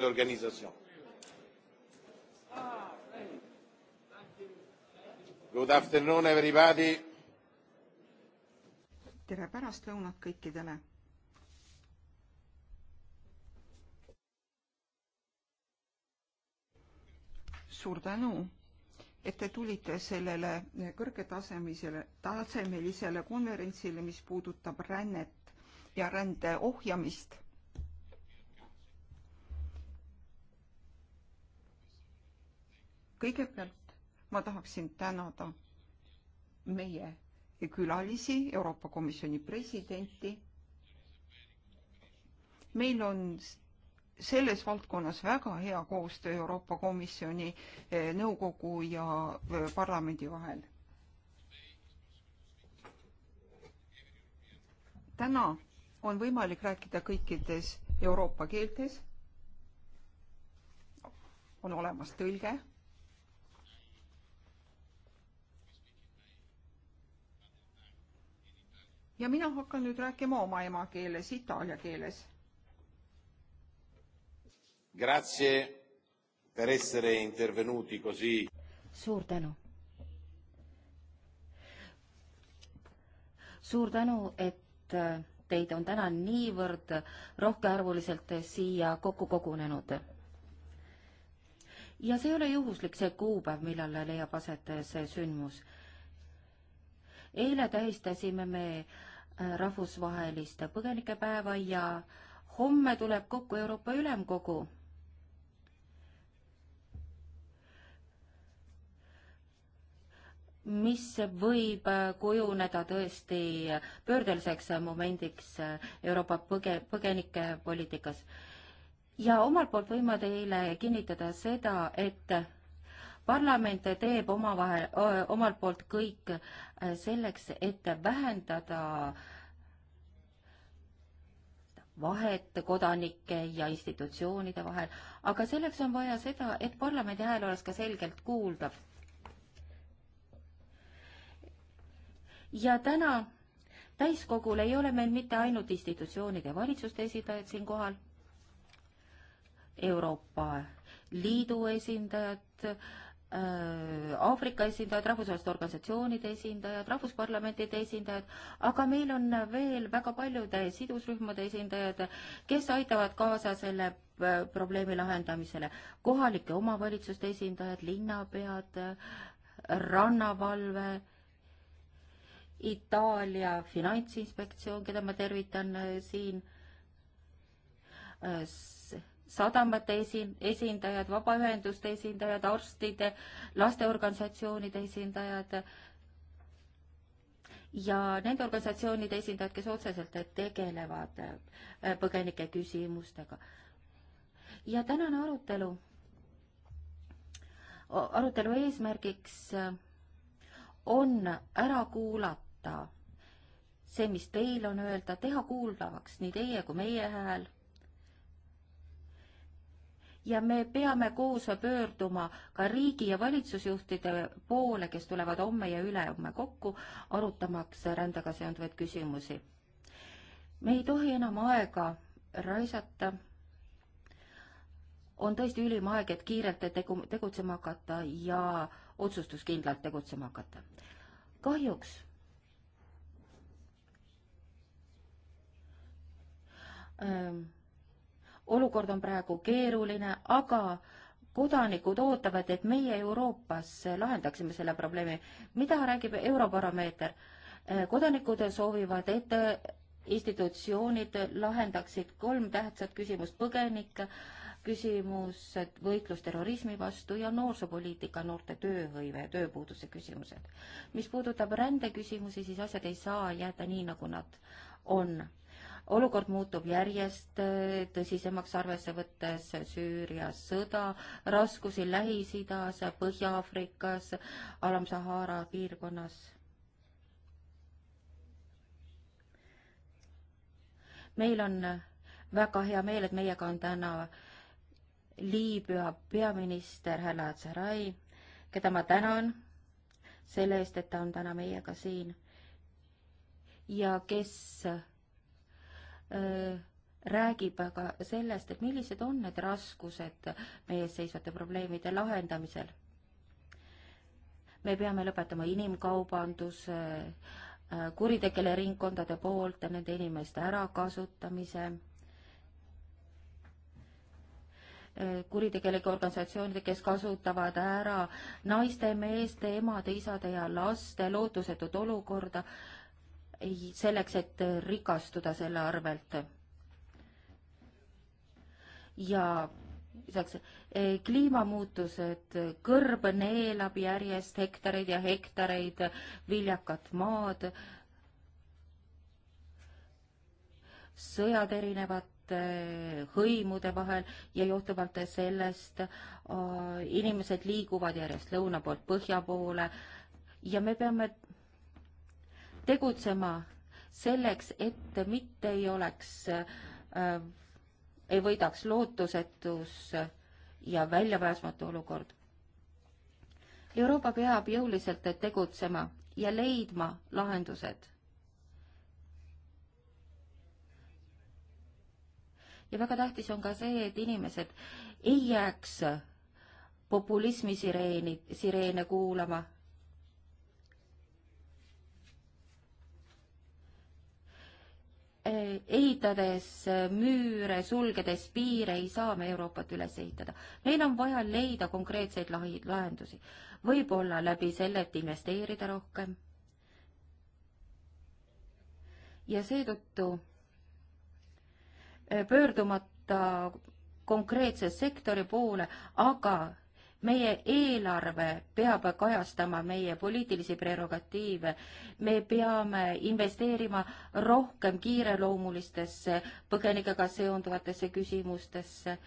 l'organisation. Good afternoon everybody. tere pärastlõunat kõikidele. suur tänu, et te tulite sellele kõrgetasemelisele, tasemelisele konverentsile, mis puudutab rännet ja rände ohjamist kõigepealt ma tahaksin tänada meie külalisi, Euroopa Komisjoni presidenti. meil on selles valdkonnas väga hea koostöö Euroopa Komisjoni eh, nõukogu ja eh, parlamendi vahel. täna on võimalik rääkida kõikides Euroopa keeltes. on olemas tõlge ja mina hakkan nüüd rääkima oma emakeeles, itaalia keeles. Grazie per essere intervenuti così. suur tänu. suur tänu, et teid on täna niivõrd rohkearvuliselt siia kokku kogunenud. ja see ei ole juhuslik, see kuupäev, millal leiab aset see sündmus. eile tähistasime me äh, Äh, rahvusvahelist põgenikepäeva ja homme tuleb kokku Euroopa Ülemkogu. mis võib äh, kujuneda tõesti pöördeliseks momendiks äh, Euroopa põge-, põgenikepoliitikas. ja omalt poolt võin ma teile kinnitada seda, et parlament teeb omavahel, omalt poolt kõik selleks, et vähendada vahet kodanike ja institutsioonide vahel, aga selleks on vaja seda, et parlamendi hääl oleks ka selgelt kuuldav. ja täna täiskogul ei ole meil mitte ainult institutsioonide ja valitsuste esindajad siinkohal, Euroopa Liidu esindajad, Äh, Aafrika esindajad, rahvusvaheliste organisatsioonide esindajad, rahvusparlamentide esindajad, aga meil on veel väga paljude sidusrühmade esindajad, kes aitavad kaasa selle äh, probleemi lahendamisele. kohalike omavalitsuste esindajad, linnapead, rannavalve, Itaalia finantsinspektsioon, keda ma tervitan äh, siin, sadamate esi, esindajad, vabaühenduste esindajad, arstide, lasteorganisatsioonide esindajad ja nende organisatsioonide esindajad, kes otseselt tegelevad äh, põgenike küsimustega. ja tänane arutelu, arutelu eesmärgiks äh, on ära kuulata see, mis teil on öelda, teha kuulavaks nii teie kui meie hääl ja me peame koos pöörduma ka riigi ja valitsusjuhtide poole, kes tulevad homme ja ülehomme kokku, arutamaks rändega seonduvaid küsimusi. me ei tohi enam aega raisata. on tõesti ülim aeg, et kiirelt tegu, tegutsema hakata ja otsustuskindlalt tegutsema hakata. kahjuks ähm, olukord on praegu keeruline, aga kodanikud ootavad, et meie Euroopas lahendaksime selle probleemi. mida räägib Eurobaromeeter? Eh, kodanikud soovivad, et institutsioonid lahendaksid kolm tähtsat küsimust, põgenike küsimused, võitlus terrorismi vastu ja noorsoopoliitika, noorte tööhõive ja tööpuuduse küsimused. mis puudutab rändeküsimusi, siis asjad ei saa jääda nii, nagu nad on olukord muutub järjest äh, tõsisemaks, arvesse võttes Süüria sõda, raskusi Lähis-Idas, Põhja-Aafrikas, Alam-Sahara piirkonnas. meil on väga hea meel, et meiega on täna Liibüa peaminister Hala Tsarai, keda ma tänan selle eest, et ta on täna meiega siin ja kes räägib aga sellest, et millised on need raskused meie ees seisvate probleemide lahendamisel. me peame lõpetama inimkaubanduse, kuritegele ringkondade poolt ja nende inimeste ärakasutamise, kuritegelike organisatsioonide, kes kasutavad ära naiste, meeste, emade, isade ja laste lootusetut olukorda äh, selleks, et rikastuda selle arvelt. ja lisaks e, kliimamuutused, kõrb neelab järjest hektareid ja hektareid viljakat maad, sõjad erinevate hõimude vahel ja johtuvalt sellest inimesed liiguvad järjest lõuna poolt põhja poole ja me peame tegutsema selleks, et mitte ei oleks äh,, ei võidaks lootusetus ja väljapääsmatu olukord. Euroopa peab jõuliselt tegutsema ja leidma lahendused. ja väga tähtis on ka see, et inimesed ei jääks populismi sireeni, sireene kuulama ehitades müüre, sulgedes piire, ei saa me Euroopat üles ehitada. meil on vaja leida konkreetseid lahi-, lahendusi. võib-olla läbi selle, et investeerida rohkem. ja seetõttu eh, pöördumata konkreetse sektori poole, aga meie eelarve peab kajastama meie poliitilisi prerogatiive, me peame investeerima rohkem kiireloomulistesse põgenikega seonduvatesse küsimustesse.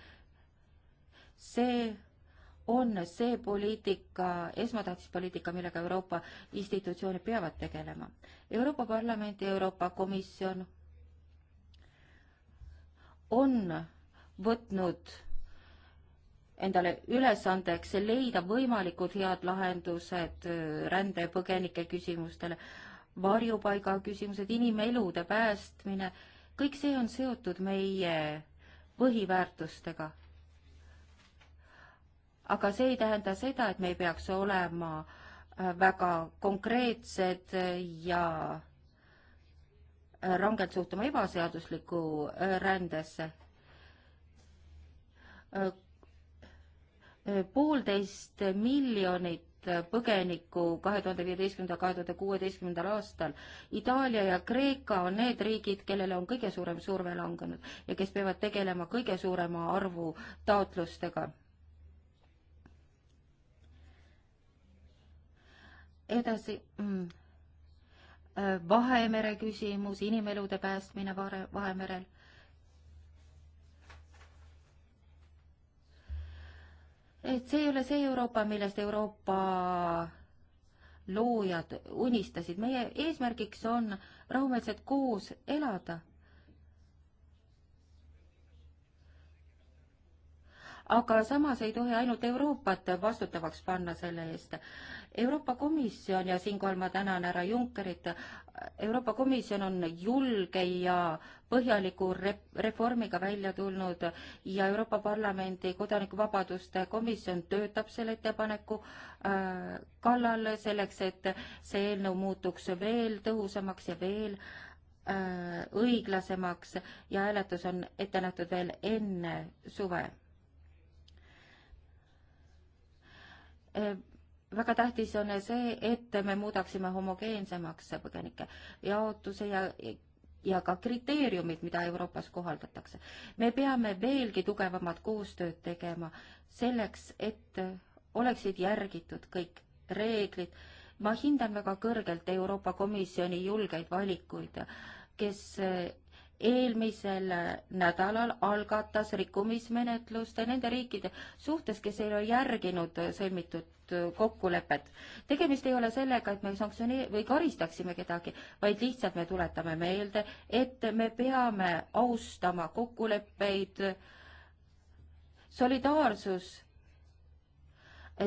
see on see poliitika, esmatähtis poliitika, millega Euroopa institutsioonid peavad tegelema. Euroopa Parlament ja Euroopa Komisjon on võtnud endale ülesandeks leida võimalikud head lahendused äh, rände ja põgenike küsimustele, varjupaiga küsimused, inimelude päästmine, kõik see on seotud meie põhiväärtustega. aga see ei tähenda seda, et me ei peaks olema äh, väga konkreetsed ja äh, rangelt suhtuma ebaseaduslikku rändesse poolteist miljonit põgenikku kahe tuhande viieteistkümnenda, kahe tuhande kuueteistkümnendal aastal. Itaalia ja Kreeka on need riigid, kellele on kõige suurem surve langenud ja kes peavad tegelema kõige suurema arvu taotlustega. edasi mm.. Äh, Vahemere küsimus, inimelude päästmine Vahemerel et see ei ole see Euroopa, millest Euroopa loojad unistasid. meie eesmärgiks on rahumeelselt koos elada aga samas ei tohi ainult Euroopat vastutavaks panna selle eest. Euroopa Komisjon ja siinkohal ma tänan härra Junckerit, Euroopa Komisjon on julge ja põhjaliku rep-, reformiga välja tulnud ja Euroopa Parlamendi kodanikuvabaduste komisjon töötab selle ettepaneku äh, kallal selleks, et see eelnõu muutuks veel tõhusamaks ja veel äh, õiglasemaks ja hääletus on ette nähtud veel enne suve väga tähtis on see, et me muudaksime homogeensemaks põgenike jaotuse ja ja ka kriteeriumid, mida Euroopas kohaldatakse. me peame veelgi tugevamat koostööd tegema selleks, et oleksid järgitud kõik reeglid. ma hindan väga kõrgelt Euroopa Komisjoni julgeid valikuid, kes eelmisel nädalal algatas rikkumismenetlust nende riikide suhtes, kes ei ole järginud sõlmitud kokkulepet. tegemist ei ole sellega, et me sanktsionee- või karistaksime kedagi, vaid lihtsalt me tuletame meelde, et me peame austama kokkuleppeid. solidaarsus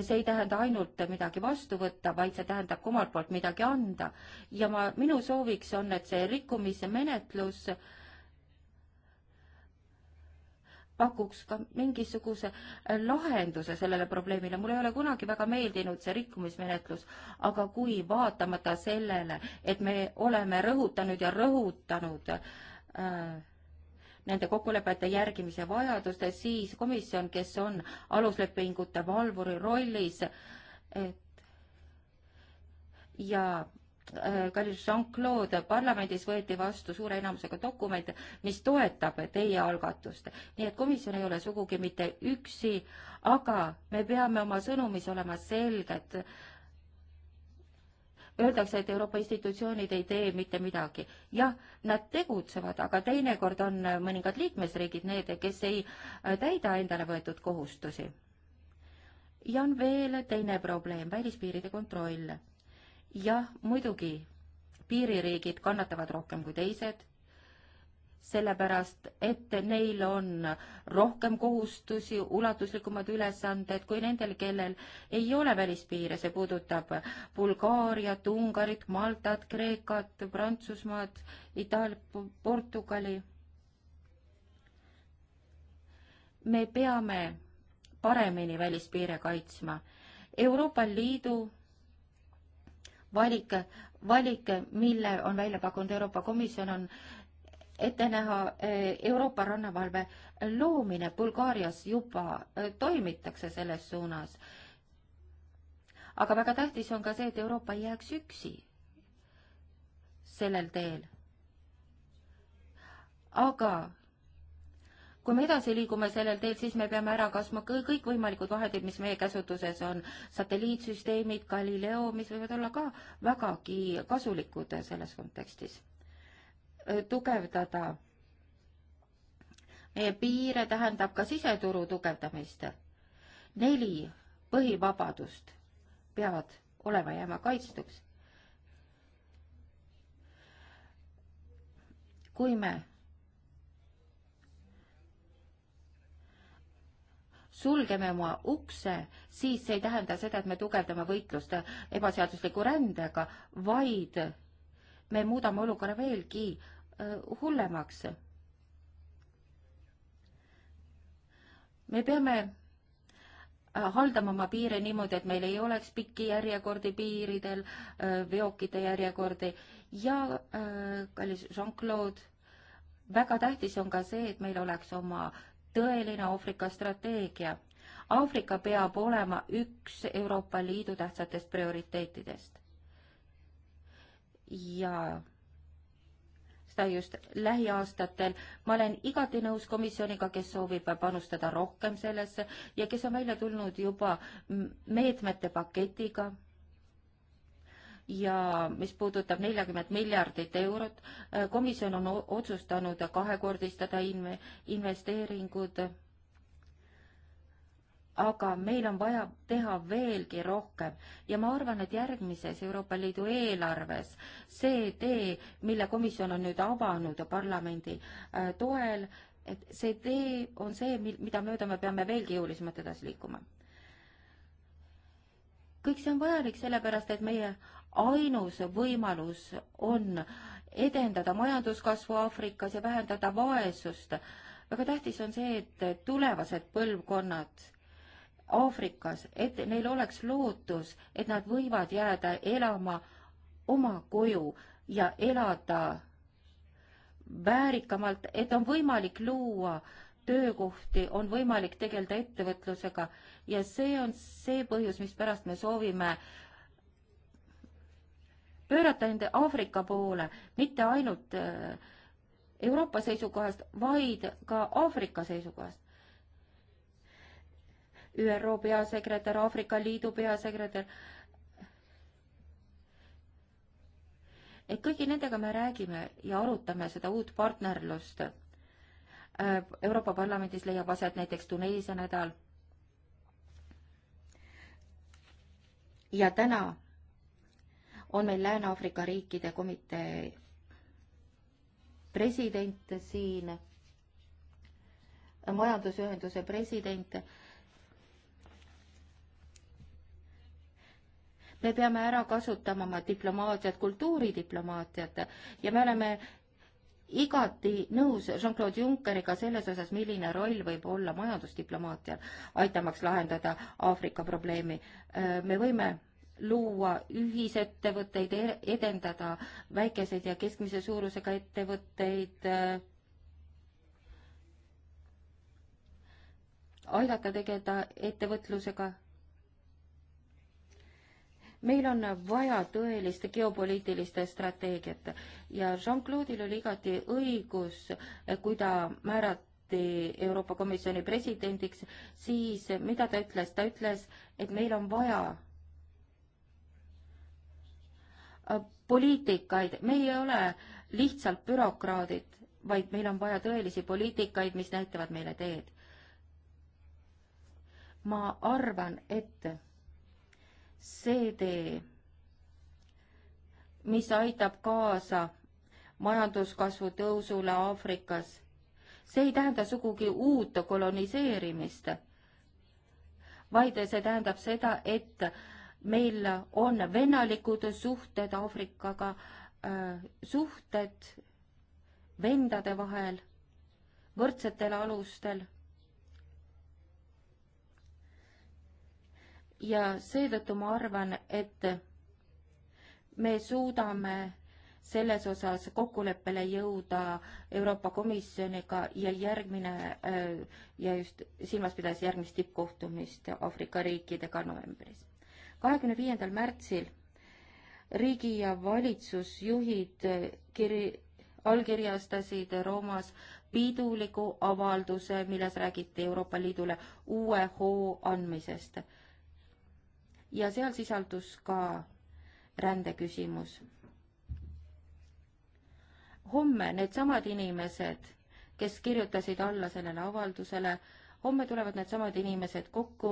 see ei tähenda ainult midagi vastu võtta, vaid see tähendab ka omalt poolt midagi anda. ja ma, minu sooviks on, et see rikkumise menetlus äh, pakuks ka mingisuguse äh, lahenduse sellele probleemile. mulle ei ole kunagi väga meeldinud see rikkumismenetlus, aga kui vaatamata sellele, et me oleme rõhutanud ja rõhutanud äh, nende kokkulepete järgimise vajadust, siis komisjon, kes on aluslepingute valvuri rollis, et ja Äh, kallis Jean-Claude, parlamendis võeti vastu suure enamusega dokument, mis toetab teie algatust. nii et komisjon ei ole sugugi mitte üksi, aga me peame oma sõnumis olema selged. Öeldakse, et Euroopa institutsioonid ei tee mitte midagi. jah, nad tegutsevad, aga teinekord on mõningad liikmesriigid need, kes ei äh, täida endale võetud kohustusi. ja on veel teine probleem, välispiiride kontroll jah, muidugi piiririigid kannatavad rohkem kui teised, sellepärast et neil on rohkem kohustusi, ulatuslikumad ülesanded kui nendel, kellel ei ole välispiire, see puudutab Bulgaariat, Ungarit, Maltat, Kreekat, Prantsusmaad, Itaaliat, Portugali. me peame paremini välispiire kaitsma. Euroopa Liidu valik, valik, mille on välja pakkunud Euroopa Komisjon, on ette näha eh, Euroopa rannavalve loomine. Bulgaarias juba eh, toimitakse selles suunas. aga väga tähtis on ka see, et Euroopa ei jääks üksi sellel teel. aga kui me edasi liigume sellel teel, siis me peame ära kasvama kõikvõimalikud vahendid, mis meie käsutuses on, satelliitsüsteemid, Galileo, mis võivad olla ka vägagi kasulikud selles kontekstis. tugevdada meie piire tähendab ka siseturu tugevdamist. neli põhivabadust peavad olema jääma kaitstuks. kui me sulgeme oma ukse, siis see ei tähenda seda, et me tugevdame võitlust ebaseadusliku rändega, vaid me muudame olukorra veelgi äh, hullemaks. me peame äh, haldama oma piire niimoodi, et meil ei oleks pikki järjekordi piiridel, äh, veokite järjekordi ja kallis Jean-Claude, väga tähtis on ka see, et meil oleks oma tõeline Aafrika strateegia. Aafrika peab olema üks Euroopa Liidu tähtsatest prioriteetidest. ja seda just lähiaastatel. ma olen igati nõus komisjoniga, kes soovib panustada rohkem sellesse ja kes on välja tulnud juba meetmete paketiga ja mis puudutab neljakümmet miljardit eurot, äh, komisjon on otsustanud kahekordistada inve-, investeeringud, aga meil on vaja teha veelgi rohkem ja ma arvan, et järgmises Euroopa Liidu eelarves see tee, mille komisjon on nüüd avanud parlamendi äh, toel, et see tee on see, mida mööda me peame veelgi jõulisemalt edasi liikuma kõik see on vajalik sellepärast, et meie ainus võimalus on edendada majanduskasvu Aafrikas ja vähendada vaesust. väga tähtis on see, et tulevased põlvkonnad Aafrikas, et neil oleks lootus, et nad võivad jääda elama oma koju ja elada väärikamalt, et on võimalik luua töökohti, on võimalik tegeleda ettevõtlusega ja see on see põhjus, mispärast me soovime äh, pöörata nende Aafrika poole, mitte ainult äh, Euroopa seisukohast, vaid ka Aafrika seisukohast. ÜRO peasekretär, Aafrika Liidu peasekretär, et kõigi nendega me räägime ja arutame seda uut partnerlust. Äh, Euroopa Parlamendis leiab aset näiteks Tuneesia nädal. ja täna on meil Lääne-Aafrika riikide komitee president siin, majandusühenduse president. me peame ära kasutama oma diplomaatiat, kultuuridiplomaatiat ja me oleme igati nõus Jean-Claude Junckeriga selles osas, milline roll võib olla majandusdiplomaatial, aitamaks lahendada Aafrika probleemi. me võime luua ühisettevõtteid, e-, edendada väikeseid ja keskmise suurusega ettevõtteid, äh, aidata tegeleda ettevõtlusega. meil on vaja tõelist geopoliitilist strateegiat ja Jean-Claude'il oli igati õigus, kui ta määrat-, valiti Euroopa Komisjoni presidendiks, siis mida ta ütles, ta ütles, et meil on vaja Äh, poliitikaid, me ei ole lihtsalt bürokraadid, vaid meil on vaja tõelisi poliitikaid, mis näitavad meile teed. ma arvan, et see tee, mis aitab kaasa majanduskasvu tõusule Aafrikas, see ei tähenda sugugi uut koloniseerimist, vaid see tähendab seda, et meil on vennalikud suhted Aafrikaga, äh, suhted vendade vahel võrdsetel alustel. ja seetõttu ma arvan, et me suudame selles osas kokkuleppele jõuda Euroopa Komisjoniga ja järgmine äh, ja just silmas pidades järgmist tippkohtumist Aafrika riikidega novembris kahekümne viiendal märtsil riigi ja valitsusjuhid kiri-, allkirjastasid Roomas piduliku avalduse, milles räägiti Euroopa Liidule uue hoo andmisest. ja seal sisaldus ka rändeküsimus. homme needsamad inimesed, kes kirjutasid alla sellele avaldusele, homme tulevad needsamad inimesed kokku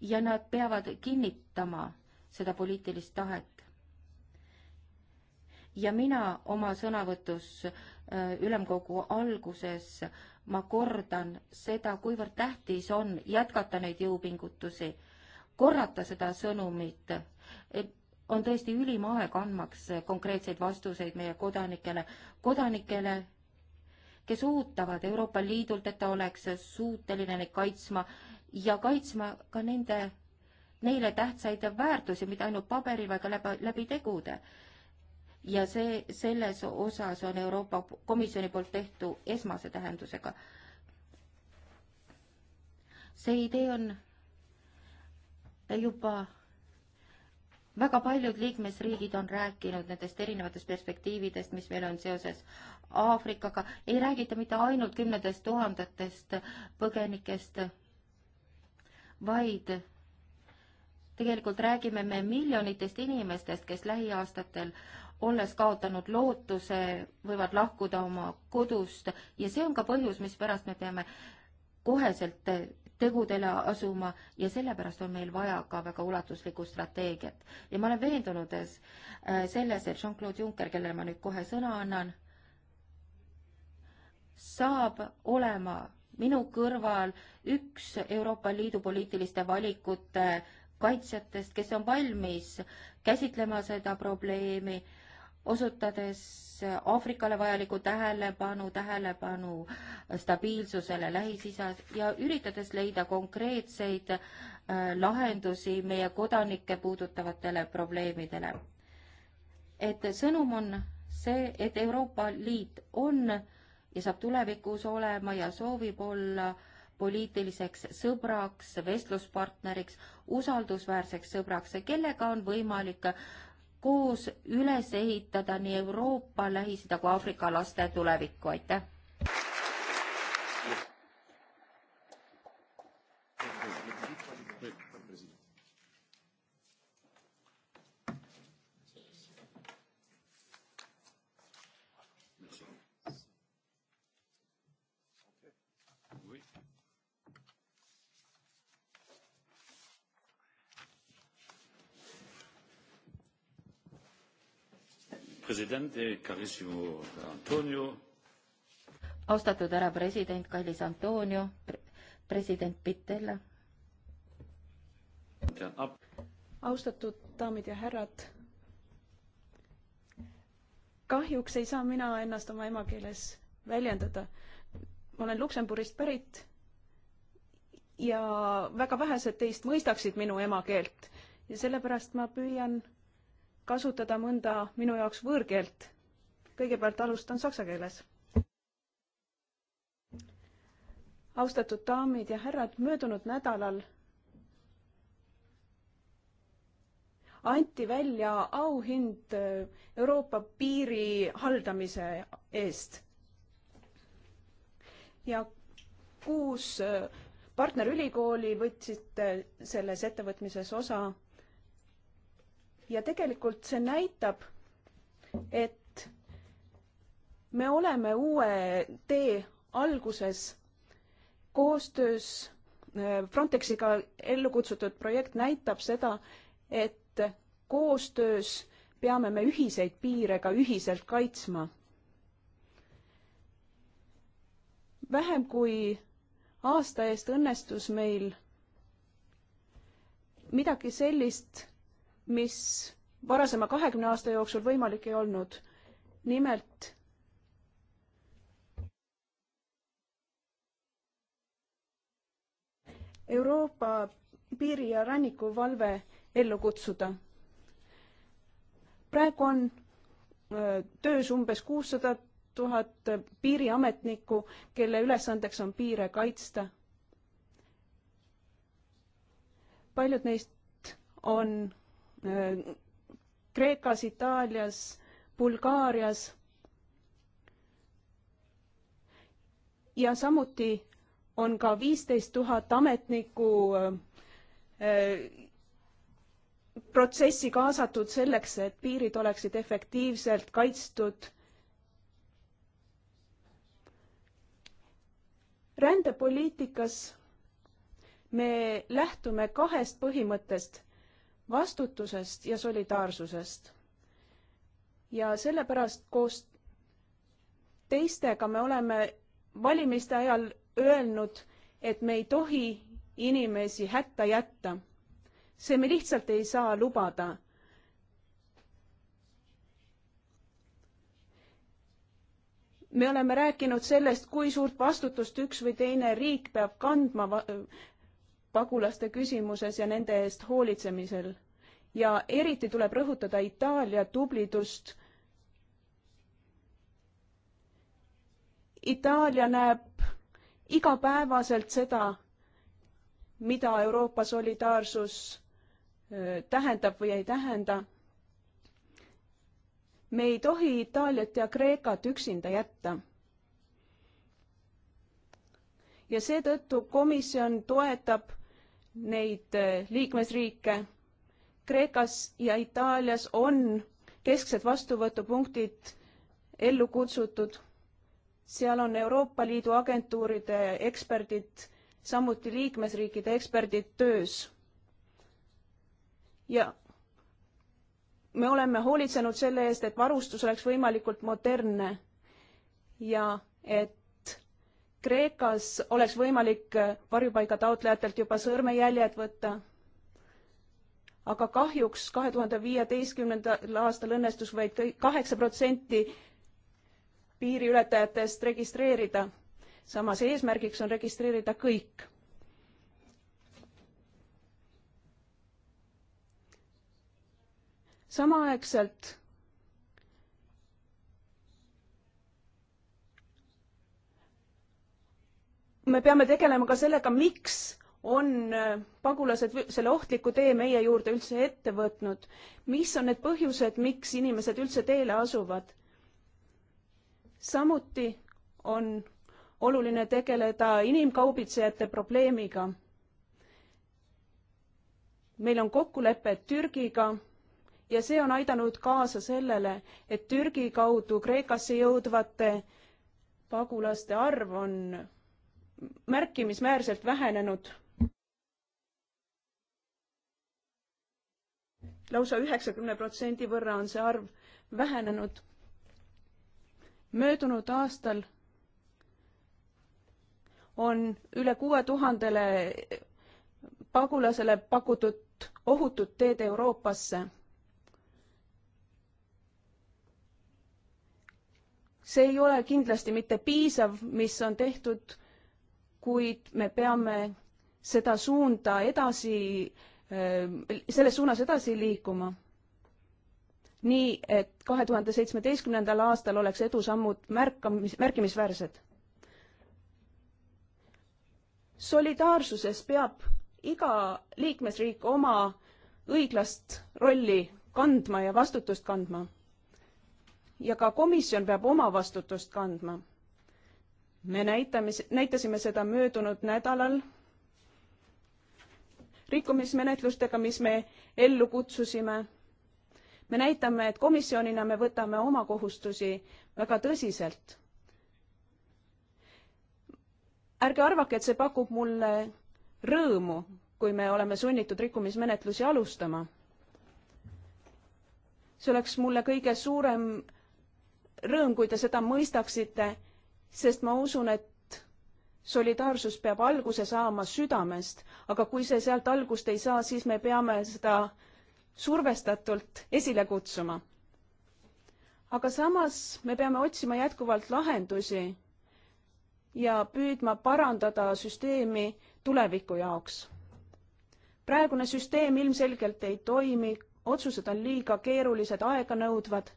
ja nad peavad kinnitama seda poliitilist tahet. ja mina oma sõnavõtus äh, ülemkogu alguses, ma kordan seda, kuivõrd tähtis on jätkata neid jõupingutusi, korrata seda sõnumit, et on tõesti ülim aeg andmaks konkreetseid vastuseid meie kodanikele, kodanikele, kes ootavad Euroopa Liidult, et ta oleks suuteline neid kaitsma ja kaitsma ka nende, neile tähtsaid väärtusi, mitte ainult paberil, vaid ka läbi, läbi tegude. ja see, selles osas on Euroopa Komisjoni poolt tehtu esmase tähendusega. see idee on juba väga paljud liikmesriigid on rääkinud nendest erinevatest perspektiividest, mis meil on seoses Aafrikaga, ei räägita mitte ainult kümnetest tuhandetest põgenikest, vaid tegelikult räägime me miljonitest inimestest, kes lähiaastatel, olles kaotanud lootuse, võivad lahkuda oma kodust ja see on ka põhjus, mispärast me peame koheselt tegudele asuma ja sellepärast on meil vaja ka väga ulatuslikku strateegiat. ja ma olen veendunud äh, selles, et Jean-Claude Juncker, kellele ma nüüd kohe sõna annan, saab olema minu kõrval üks Euroopa Liidu poliitiliste valikute kaitsjatest, kes on valmis käsitlema seda probleemi äh, osutades Aafrikale vajalikku tähelepanu, tähelepanu stabiilsusele Lähis-Isas ja üritades leida konkreetseid äh, lahendusi meie kodanikke puudutavatele probleemidele. et sõnum on see, et Euroopa Liit on ja saab tulevikus olema ja soovib olla poliitiliseks sõbraks, vestluspartneriks, usaldusväärseks sõbraks, kellega on võimalik äh, koos üles ehitada nii Euroopa, Lähis-Ida kui Aafrika laste tulevikku, aitäh! austatud härra president, kallis Antonio pre, president Pitella. austatud daamid ja härrad. kahjuks ei saa mina ennast oma emakeeles väljendada. ma olen Luksemburist pärit ja väga vähesed teist mõistaksid minu emakeelt ja sellepärast ma püüan kasutada mõnda minu jaoks võõrkeelt. kõigepealt alustan saksa keeles. austatud daamid ja härrad, möödunud nädalal anti välja auhind Euroopa piiri haldamise eest. ja kuus partnerülikooli võtsid selles ettevõtmises osa ja tegelikult see näitab, et me oleme uue tee alguses koostöös äh, Frontexiga ellu kutsutud projekt näitab seda, et koostöös peame me ühiseid piire ka ühiselt kaitsma. vähem kui aasta eest õnnestus meil midagi sellist mis varasema kahekümne aasta jooksul võimalik ei olnud. nimelt Euroopa piiri- ja rannikuvalve ellu kutsuda. praegu on öö, töös umbes kuussada tuhat piiriametnikku, kelle ülesandeks on piire kaitsta. paljud neist on Kreekas, Itaalias, Bulgaarias. ja samuti on ka viisteist tuhat ametnikku äh, protsessi kaasatud selleks, et piirid oleksid efektiivselt kaitstud. rändepoliitikas me lähtume kahest põhimõttest vastutusest ja solidaarsusest. ja sellepärast koos teistega me oleme valimiste ajal öelnud, et me ei tohi inimesi hätta jätta. see me lihtsalt ei saa lubada. me oleme rääkinud sellest, kui suurt vastutust üks või teine riik peab kandma pagulaste küsimuses ja nende eest hoolitsemisel. ja eriti tuleb rõhutada Itaalia tublidust. Itaalia näeb igapäevaselt seda, mida Euroopa solidaarsus tähendab või ei tähenda. me ei tohi Itaaliat ja Kreekat üksinda jätta. ja seetõttu komisjon toetab neid eh, liikmesriike. Kreekas ja Itaalias on kesksed vastuvõtupunktid ellu kutsutud. seal on Euroopa Liidu agentuuride eksperdid, samuti liikmesriikide eksperdid töös. ja me oleme hoolitsenud selle eest, et varustus oleks võimalikult modernne ja et Kreekas oleks võimalik varjupaiga taotlejatelt juba sõrmejäljed võtta. aga kahjuks kahe tuhande viieteistkümnendal aastal õnnestus vaid kaheksa protsenti piiriületajatest registreerida. samas eesmärgiks on registreerida kõik. samaaegselt me peame tegelema ka sellega, miks on äh, pagulased selle ohtliku tee meie juurde üldse ette võtnud. mis on need põhjused, miks inimesed üldse teele asuvad? samuti on oluline tegeleda inimkaubitsejate probleemiga. meil on kokkulepe Türgiga ja see on aidanud kaasa sellele, et Türgi kaudu Kreekasse jõudvate pagulaste arv on märkimisväärselt vähenenud lausa üheksakümne protsendi võrra on see arv vähenenud. möödunud aastal on üle kuue tuhandele pagulasele pakutud ohutut teed Euroopasse. see ei ole kindlasti mitte piisav, mis on tehtud kuid me peame seda suunda edasi, äh, selles suunas edasi liikuma. nii, et kahe tuhande seitsmeteistkümnendal aastal oleks edusammud märkamis, märkimisväärsed. solidaarsuses peab iga liikmesriik oma õiglast rolli kandma ja vastutust kandma. ja ka komisjon peab oma vastutust kandma me näitame, näitasime seda möödunud nädalal rikkumismenetlustega, mis me ellu kutsusime. me näitame, et komisjonina me võtame oma kohustusi väga tõsiselt. ärge arvake, et see pakub mulle rõõmu, kui me oleme sunnitud rikkumismenetlusi alustama. see oleks mulle kõige suurem rõõm, kui te seda mõistaksite sest ma usun, et solidaarsus peab alguse saama südamest, aga kui see sealt algust ei saa, siis me peame seda survestatult esile kutsuma. aga samas me peame otsima jätkuvalt lahendusi ja püüdma parandada süsteemi tuleviku jaoks. praegune süsteem ilmselgelt ei toimi, otsused on liiga keerulised, aeganõudvad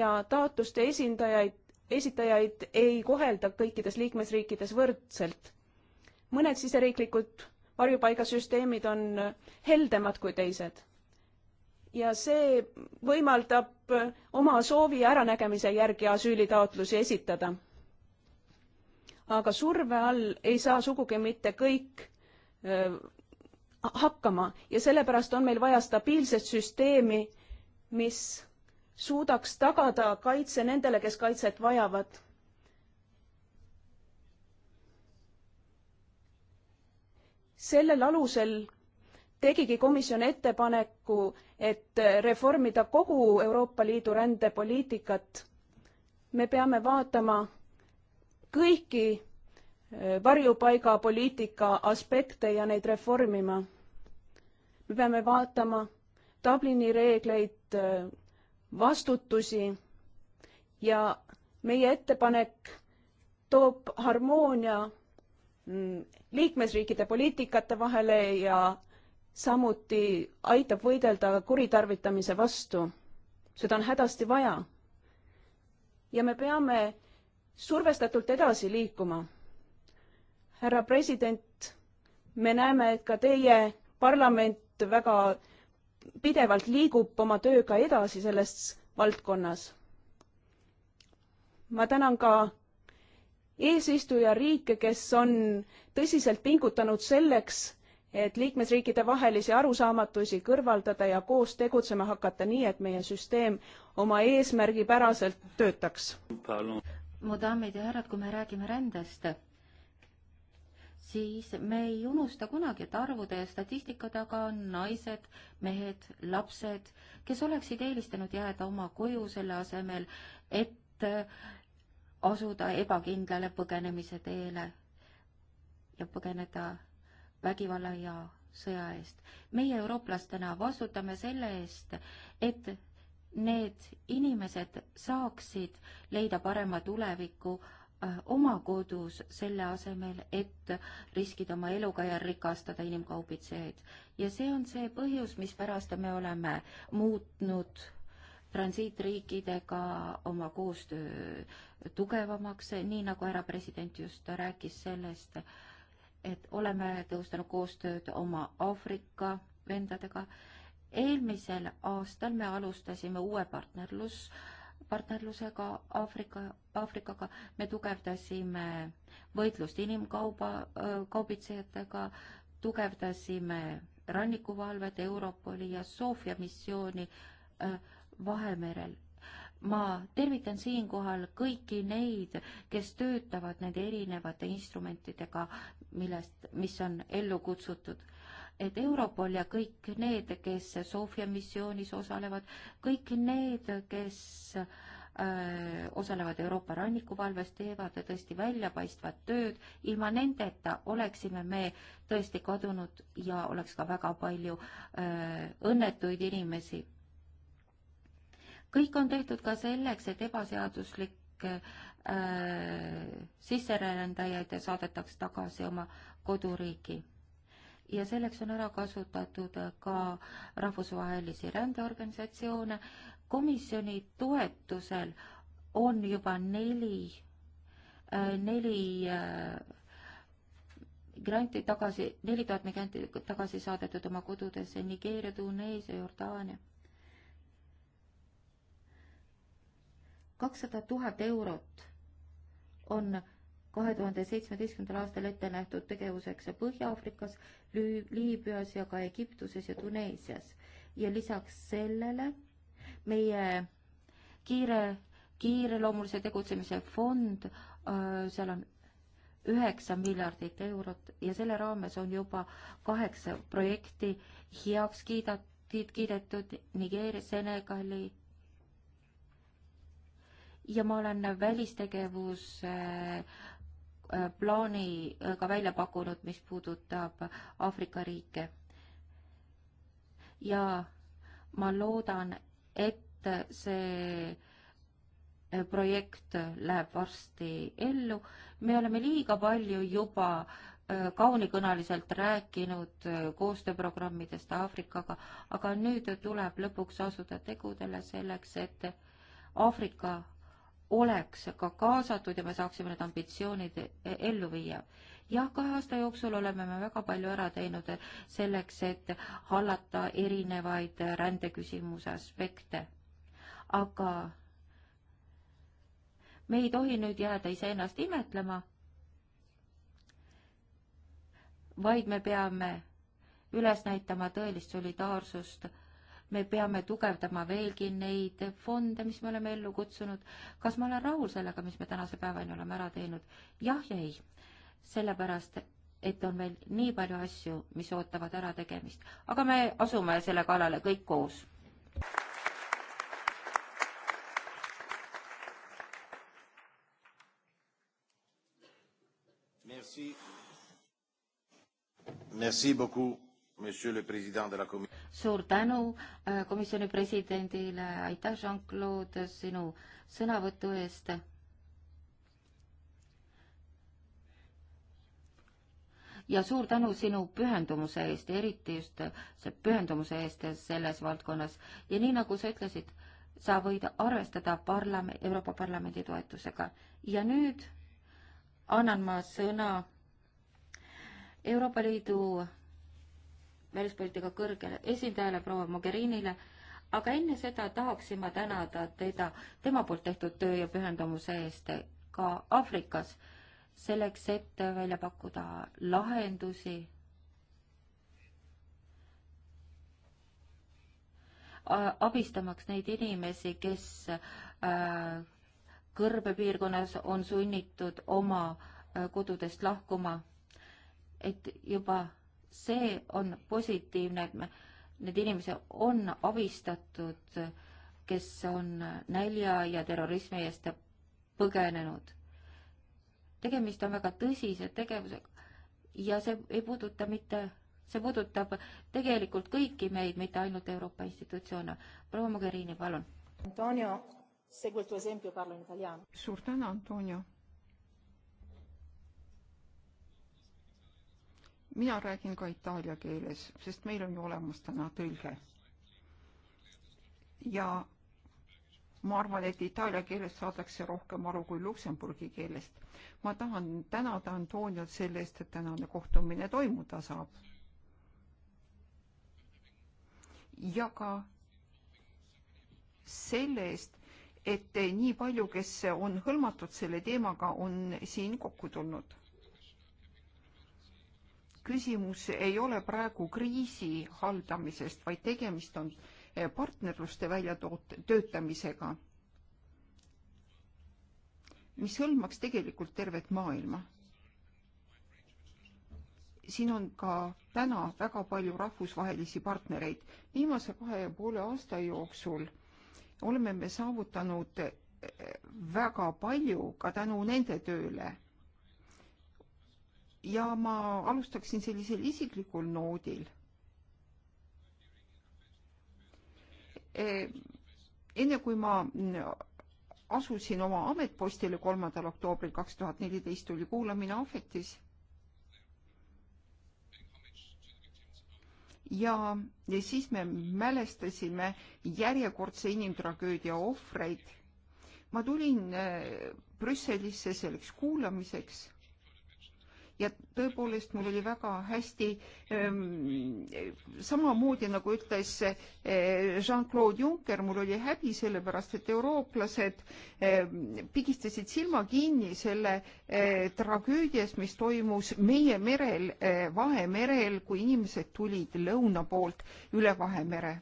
ja taotluste esindajaid esitajaid ei kohelda kõikides liikmesriikides võrdselt. mõned siseriiklikud varjupaigasüsteemid on heldemad kui teised. ja see võimaldab oma soovi ja äranägemise järgi asüülitaotlusi esitada. aga surve all ei saa sugugi mitte kõik öö, hakkama ja sellepärast on meil vaja stabiilset süsteemi, mis suudaks tagada kaitse nendele, kes kaitset vajavad. sellel alusel tegigi komisjon ettepaneku, et reformida kogu Euroopa Liidu rändepoliitikat. me peame vaatama kõiki eh, varjupaigapoliitika aspekte ja neid reformima. me peame vaatama Dublini reegleid eh, vastutusi ja meie ettepanek toob harmoonia mm, liikmesriikide poliitikate vahele ja samuti aitab võidelda kuritarvitamise vastu. seda on hädasti vaja. ja me peame survestatult edasi liikuma. härra president, me näeme, et ka teie parlament väga pidevalt liigub oma tööga edasi selles valdkonnas. ma tänan ka eesistujariike, kes on tõsiselt pingutanud selleks, et liikmesriikide vahelisi arusaamatusi kõrvaldada ja koos tegutsema hakata nii, et meie süsteem oma eesmärgipäraselt töötaks. mu daamid ja härrad, kui me räägime rändest, siis me ei unusta kunagi, et arvude ja statistika taga on naised, mehed, lapsed, kes oleksid eelistanud jääda oma koju selle asemel, et äh, asuda ebakindlale põgenemise teele ja põgeneda vägivalla ja sõja eest. meie eurooplastena vastutame selle eest, et need inimesed saaksid leida parema tuleviku Äh, oma kodus, selle asemel, et riskida oma eluga ja rikastada inimkaubitsejaid. ja see on see põhjus, mispärast me oleme muutnud transiitriikidega oma koostöö tugevamaks, nii nagu härra president just rääkis sellest, et oleme tõustanud koostööd oma Aafrika vendadega. eelmisel aastal me alustasime uue partnerlus äh, partnerlusega Aafrika, Aafrikaga, me tugevdasime võitlust inimkauba, kaubitsejatega, tugevdasime rannikuvalvet Europoli ja Sofia missiooni Vahemerel. ma tervitan siinkohal kõiki neid, kes töötavad nende erinevate instrumentidega, millest, mis on ellu kutsutud et Europol ja kõik need, kes Sofia missioonis osalevad, kõik need, kes öö, äh, osalevad Euroopa rannikuvalves, teevad tõesti väljapaistvat tööd, ilma nendeta oleksime me tõesti kadunud ja oleks ka väga palju öö, äh, õnnetuid inimesi. kõik on tehtud ka selleks, et ebaseaduslik äh, sisserändajaid saadetaks tagasi oma koduriiki ja selleks on ära kasutatud ka rahvusvahelisi rändeorganisatsioone. komisjoni toetusel on juba neli äh,, neli äh, migranti tagasi, neli tuhat migranti tagasi saadetud oma kodudesse Nigeeria, Tuneesia, Jordaania. kakssada tuhat eurot on kahe tuhande seitsmeteistkümnendal aastal ette nähtud tegevuseks Põhja-Aafrikas, Liibüas ja ka Egiptuses ja Tuneesias. ja lisaks sellele meie kiire, kiireloomulise tegutsemise fond, äh, seal on üheksa miljardit eurot ja selle raames on juba kaheksa projekti heaks kiidat-, kiidetud Nigeeria, Senegali ja ma olen välistegevuse äh, Äh, plaani äh, ka välja pakkunud, mis puudutab Aafrika riike. ja ma loodan, et see äh, projekt läheb varsti ellu. me oleme liiga palju juba kaunikõnaliselt rääkinud koostööprogrammidest Aafrikaga, aga nüüd tuleb lõpuks asuda tegudele selleks, et Aafrika oleks ka kaasatud ja me saaksime need ambitsioonid e-, ellu viia. jah, kahe aasta jooksul oleme me väga palju ära teinud selleks, et hallata erinevaid rändeküsimuse aspekte. aga me ei tohi nüüd jääda iseennast imetlema, vaid me peame üles näitama tõelist solidaarsust me peame tugevdama veelgi neid fonde, mis me oleme ellu kutsunud. kas ma olen rahul sellega, mis me tänase päevani oleme ära teinud? jah ja ei. sellepärast, et on veel nii palju asju, mis ootavad ärategemist, aga me asume selle kallale kõik koos. Merci. Merci beaucoup suur tänu äh, komisjoni presidendile, aitäh, Jean-Claude, sinu sõnavõtu eest. ja suur tänu sinu pühendumuse eest ja eriti just see pühendumuse eest selles valdkonnas ja nii nagu sa ütlesid, sa võid arvestada parlame-, Euroopa Parlamendi toetusega ja nüüd annan ma sõna Euroopa Liidu välispoliitika kõrgele esindajale proua Mogherinile, aga enne seda tahaksin ma tänada teda tema poolt tehtud töö ja pühendumuse eest ka Aafrikas, selleks et välja pakkuda lahendusi abistamaks neid inimesi, kes äh, kõrbepiirkonnas on sunnitud oma äh, kodudest lahkuma. et juba see on positiivne, et me, need inimesed on abistatud, kes on nälja ja terrorismi eest põgenenud. tegemist on väga tõsise tegevusega ja see ei puuduta mitte, see puudutab tegelikult kõiki meid, mitte ainult Euroopa institutsioone. proua Mogherini, palun. suur tänu, Antonio. mina räägin ka itaalia keeles, sest meil on ju olemas täna tõlge. ja ma arvan, et itaalia keelest saadakse rohkem aru kui luksemburgi keelest. ma tahan tänada Antoniot selle eest, et tänane kohtumine toimuda saab. ja ka selle eest, et nii palju, kes on hõlmatud selle teemaga, on siin kokku tulnud küsimus ei ole praegu kriisi haldamisest, vaid tegemist on eh, partnerluste väljatöötamisega, mis hõlmaks tegelikult tervet maailma. siin on ka täna väga palju rahvusvahelisi partnereid. viimase kahe ja poole aasta jooksul oleme me saavutanud eh, väga palju ka tänu nende tööle ja ma alustaksin sellisel isiklikul noodil e,. enne kui ma asusin oma ametpostile kolmandal oktoobril kaks tuhat neliteist, oli kuulamine Ahvetis. ja siis me mälestasime järjekordse inimtragöödia ohvreid. ma tulin e, Brüsselisse selleks kuulamiseks ja tõepoolest mul oli väga hästi ähm, samamoodi nagu ütles äh, Jean-Claude Juncker, mul oli häbi sellepärast, et eurooplased äh, pigistasid silma kinni selle äh, tragöödias, mis toimus meie merel äh,, Vahemerel, kui inimesed tulid lõuna poolt üle Vahemere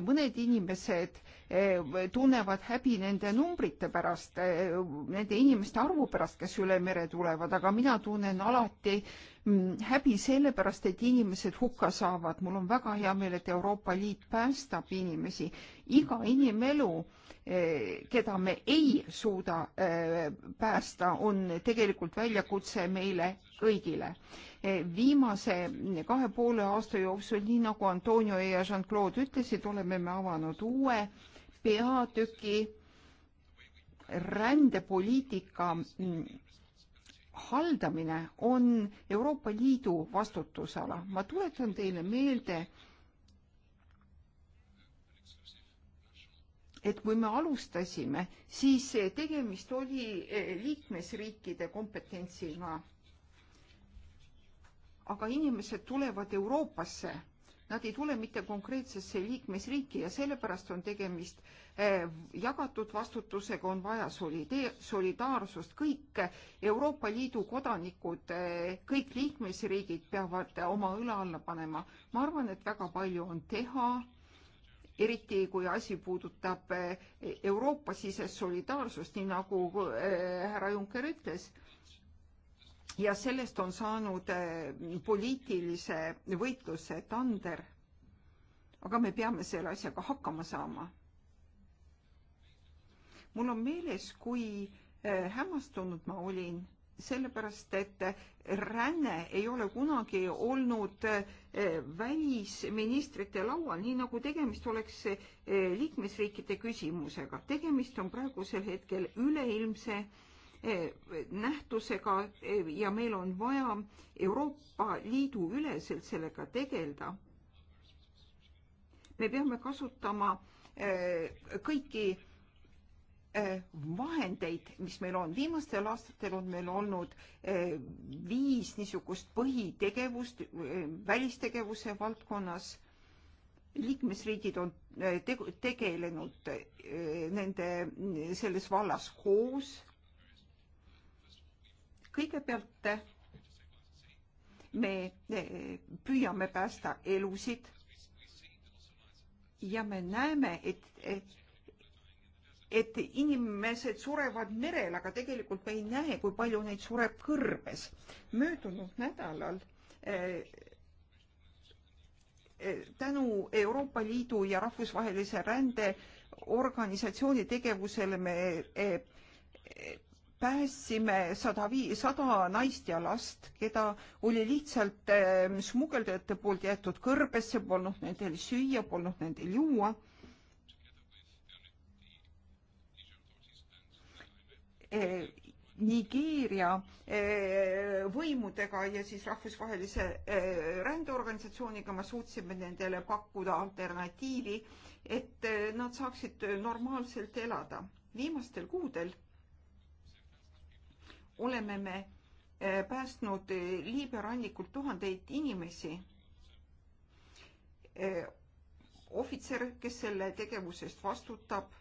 mõned inimesed Eh, tunnevad häbi nende numbrite pärast, eh, nende inimeste arvu pärast, kes üle mere tulevad, aga mina tunnen alati mm, häbi sellepärast, et inimesed hukka saavad. mul on väga hea meel, et Euroopa Liit päästab inimesi. iga inimelu, eh, keda me ei suuda päästa, on tegelikult väljakutse meile kõigile. viimase kahe poole aasta jooksul, nii nagu Antonio ja Jean-Claude ütlesid, oleme me avanud uue peatüki rändepoliitika haldamine on Euroopa Liidu vastutusala. ma tuletan teile meelde, et kui me alustasime, siis tegemist oli eh, liikmesriikide kompetentsiga. aga inimesed tulevad Euroopasse Nad ei tule mitte konkreetsesse liikmesriiki ja sellepärast on tegemist eh, jagatud vastutusega, on vaja solidaarsust, kõik Euroopa Liidu kodanikud, eh, kõik liikmesriigid peavad oma õla alla panema. ma arvan, et väga palju on teha eriti kui asi puudutab eh, Euroopa-sisest solidaarsust, nii nagu härra Juncker ütles ja sellest on saanud eh, poliitilise võitluse tander. aga me peame selle asjaga hakkama saama. mul on meeles, kui eh, hämmastunud ma olin, sellepärast et eh, ränne ei ole kunagi olnud välisministrite laual, nii nagu tegemist oleks liikmesriikide küsimusega. tegemist on praegusel hetkel üleilmse Eh, nähtusega eh, ja meil on vaja Euroopa Liidu üleselt sellega tegeleda. me peame kasutama eh, kõiki vahendeid, mis meil on. viimastel aastatel on meil olnud viis niisugust põhitegevust välistegevuse valdkonnas. liikmesriigid on tegelenud nende selles vallas koos kõigepealt me püüame päästa elusid ja me näeme, et, et et inimesed surevad merel, aga tegelikult me ei näe, kui palju neid sureb kõrbes. möödunud nädalal äh, tänu Euroopa Liidu ja rahvusvahelise rändeorganisatsiooni tegevusele me äh, päästsime sada vii-, sada naist ja last, keda oli lihtsalt äh, smugeldajate poolt jäetud kõrbesse, polnud nendel süüa, polnud nendel juua. Ehm, Nigeeria ehm, võimudega ja siis rahvusvahelise rändeorganisatsiooniga me suutsime nendele pakkuda alternatiivi, et nad saaksid normaalselt elada. viimastel kuudel oleme me eh, päästnud eh, Liibüa rannikult tuhandeid inimesi. Eh, ohvitser, kes selle tegevuse eest vastutab,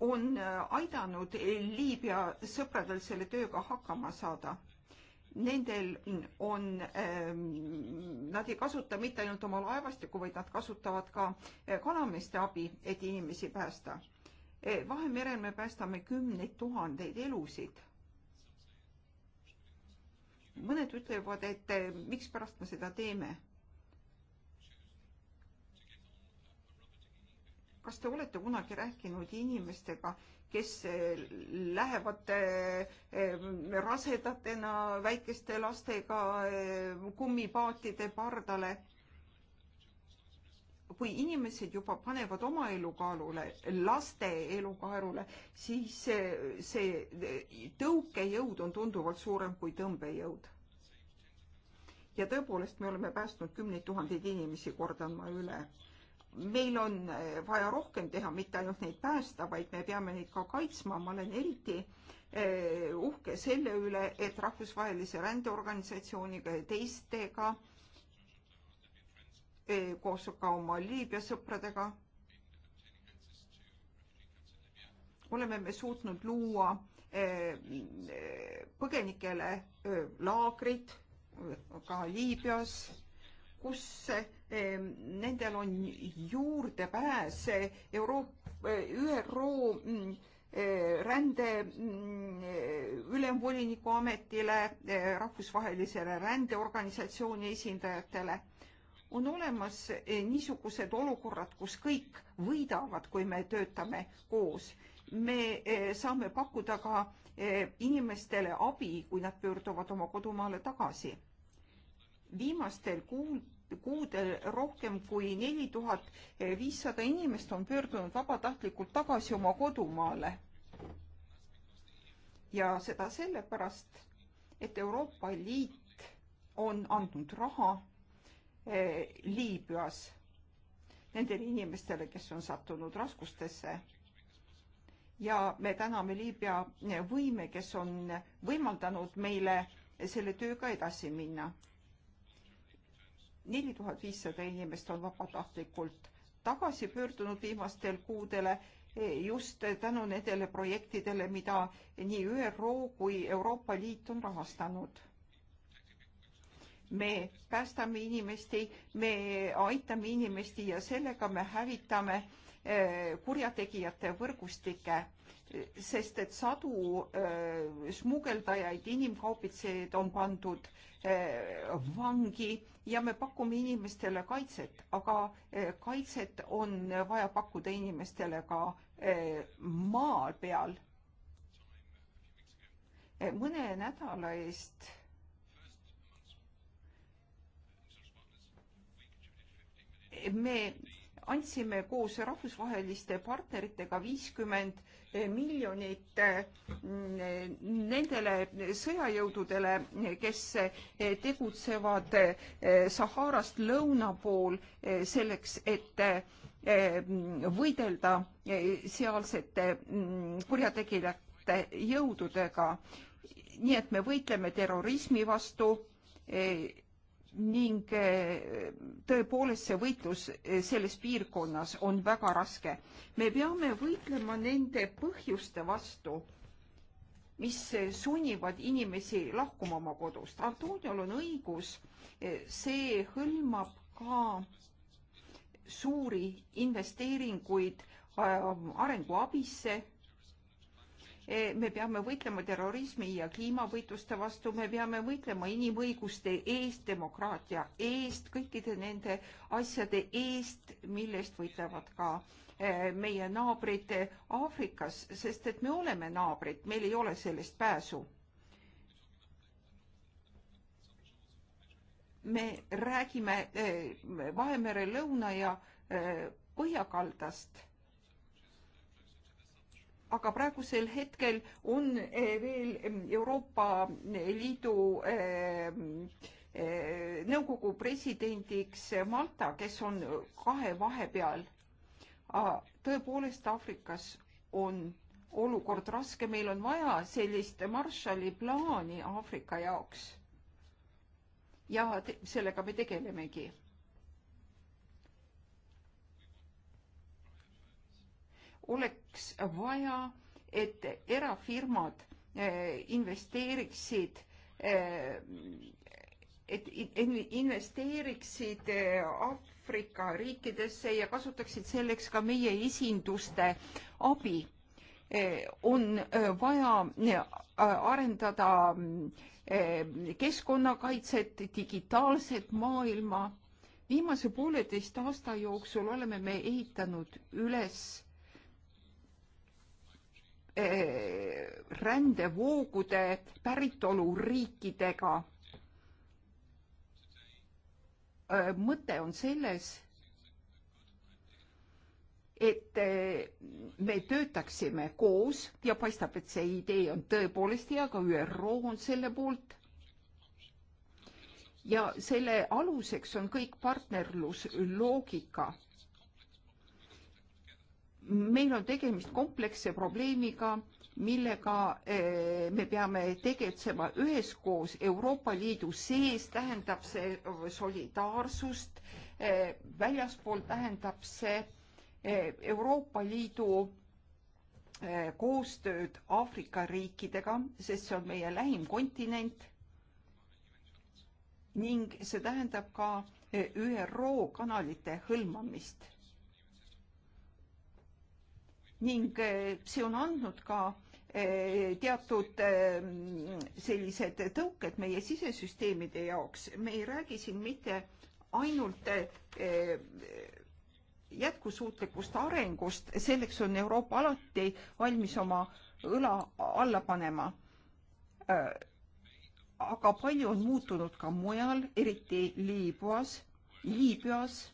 on aidanud Liibüa sõpradel selle tööga hakkama saada nendel on, ähm, nad ei kasuta mitte ainult oma laevastikku, vaid nad kasutavad ka äh, kalameeste abi, et inimesi päästa. Äh, Vahemerel me päästame kümneid tuhandeid elusid. mõned ütlevad, et äh, mikspärast me seda teeme kas te olete kunagi rääkinud inimestega, kes eh, lähevad eh, eh, rasedatena väikeste lastega kummipaatide pardale? kui inimesed juba panevad oma elukaalule, laste elukaalule, siis see, see tõukejõud on tunduvalt suurem kui tõmbejõud. ja tõepoolest, me oleme päästnud kümneid tuhandeid inimesi, kordan ma üle meil on eh, vaja rohkem teha, mitte ainult neid päästa, vaid me peame neid ka kaitsma, ma olen eriti eh, uhke selle üle, et rahvusvahelise rändeorganisatsiooniga ja teistega eh, koos ka oma Liibüa sõpradega oleme me suutnud luua põgenikele laagrid ka Liibüas kus ehm, nendel on juurdepääs eh, Euroopa, eh, ÜRO mm, eh, rände mm, ülemvoliniku ametile, rahvusvahelisele rändeorganisatsiooni esindajatele. on olemas niisugused olukorrad, kus kõik võidavad, kui me töötame koos. me saame pakkuda ka inimestele abi, kui nad pöörduvad oma kodumaale tagasi viimastel kuul, kuudel rohkem kui neli tuhat viissada inimest on pöördunud vabatahtlikult tagasi oma kodumaale. ja seda sellepärast, et Euroopa Liit on andnud raha eh, Liibüas nendele inimestele, kes on sattunud raskustesse. ja me täname Liibüa võime, kes on võimaldanud meile selle tööga edasi minna neli tuhat viissada inimest on vabatahtlikult tagasi pöördunud viimastel kuudele eh, just tänu nendele projektidele, mida nii ÜRO kui Euroopa Liit on rahastanud. me päästame inimesi, me aitame inimesi ja sellega me hävitame äh, Eh, kurjategijate võrgustike, sest et sadu eh, smugeldajaid, inimkaubitsejaid on pandud eh, vangi ja me pakume inimestele kaitset, aga kaitset on vaja pakkuda inimestele ka maa peal. mõne nädala eest me andsime koos rahvusvaheliste partneritega viiskümmend eh, miljonit eh, nendele sõjajõududele, kes eh, tegutsevad Saharast lõuna pool selleks, et võidelda sealsete mm, kurjategijate jõududega. nii et me võitleme terrorismi vastu ning eh, tõepoolest see võitlus eh, selles piirkonnas on väga raske. me peame võitlema nende põhjuste vastu, mis eh, sunnivad inimesi lahkuma oma kodust. Antoniol on õigus, see hõlmab ka suuri investeeringuid arenguabisse Eh, me peame võitlema terrorismi ja kliimavõitluste vastu, me peame võitlema inimõiguste eest, demokraatia eest, kõikide nende asjade eest, millest võitlevad ka eh, meie naabrid eh, Aafrikas, sest et me oleme naabrid, meil ei ole sellest pääsu. me räägime Vahemere lõuna ja põhjakaldast aga praegusel hetkel on eh, veel Euroopa Liidu eh, nõukogu presidendiks Malta, kes on kahe vahepeal. tõepoolest Aafrikas on olukord raske, meil on vaja sellist Marshalli plaani Aafrika jaoks. ja sellega me tegelemegi oleks vaja, et erafirmad eh, investeeriksid, eh, et investeeriksid eh, Aafrika riikidesse ja kasutaksid selleks ka meie esinduste abi. on vaja arendada keskkonnakaitset, digitaalset maailma. viimase pooleteist aasta jooksul oleme me ehitanud üles Eh, rändevoogude päritoluriikidega. Eh, mõte on selles, et eh, me töötaksime koos ja paistab, et see idee on tõepoolest hea, ka ÜRO on selle poolt ja selle aluseks on kõik partnerlusloogika meil on tegemist kompleksse probleemiga, millega eh, me peame tegetsema üheskoos Euroopa Liidu sees, tähendab see eh, solidaarsust, eh, väljaspool tähendab see Euroopa Liidu koostööd Aafrika riikidega, sest see on meie lähim kontinent ning see tähendab ka ÜRO kanalite hõlmamist ning eh, see on andnud ka eh, teatud eh, sellised tõuked meie sisesüsteemide jaoks. me ei räägi siin mitte ainult jätkusuutlikust arengust, selleks on Euroopa alati valmis oma õla alla panema. aga palju on muutunud ka mujal, eriti Liibüas, Liibüas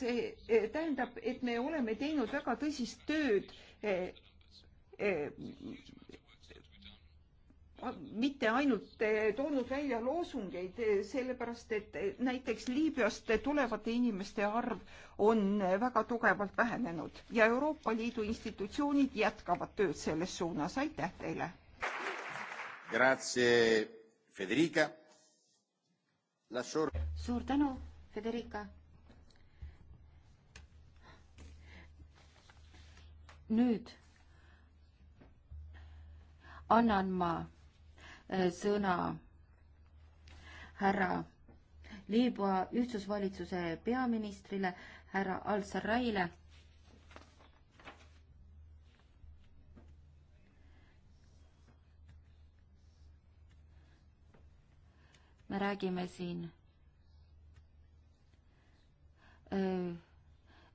see eh, tähendab, et me oleme teinud väga tõsist tööd eh, eh, mitte ainult toonud välja loosungeid, sellepärast et näiteks Liibüast tulevate inimeste arv on väga tugevalt vähenenud ja Euroopa Liidu institutsioonid jätkavad tööd selles suunas, aitäh teile! suur tänu, Federica! nüüd annan ma äh, sõna härra Liibüa ühtsusvalitsuse peaministrile, härra Al-Sarraile. me räägime siin öö, äh,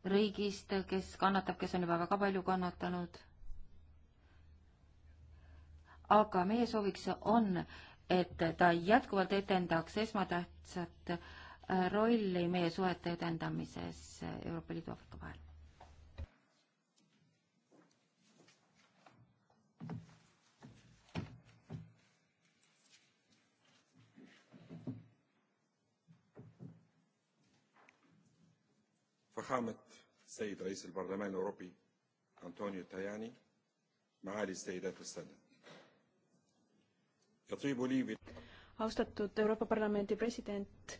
riigist, kes kannatab, kes on juba väga palju kannatanud. aga meie sooviks on, et ta jätkuvalt etendaks esmatähtsat äh, rolli meie suhete edendamises Euroopa Liidu Aafrika vahel. vergaan met السيد رئيس البرلمان الأوروبي أنطونيو تاياني معالي السيدات والسادة يطيب لي austatud Euroopa Parlamendi president,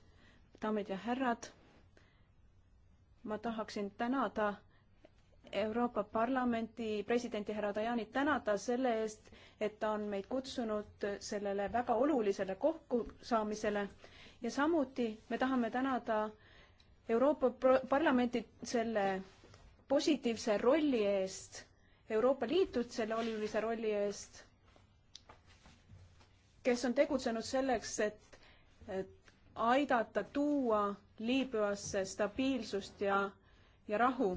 daamid ja härrad, ma tahaksin tänada Euroopa Parlamendi presidenti härra Tajanit tänada selle eest, et ta on meid kutsunud sellele väga olulisele kokkusaamisele ja samuti me tahame tänada äh, Euroopa Parlamenti selle positiivse rolli eest, Euroopa Liidut selle olulise rolli eest, kes on tegutsenud selleks, et, et aidata tuua Liibüasse stabiilsust ja, ja rahu.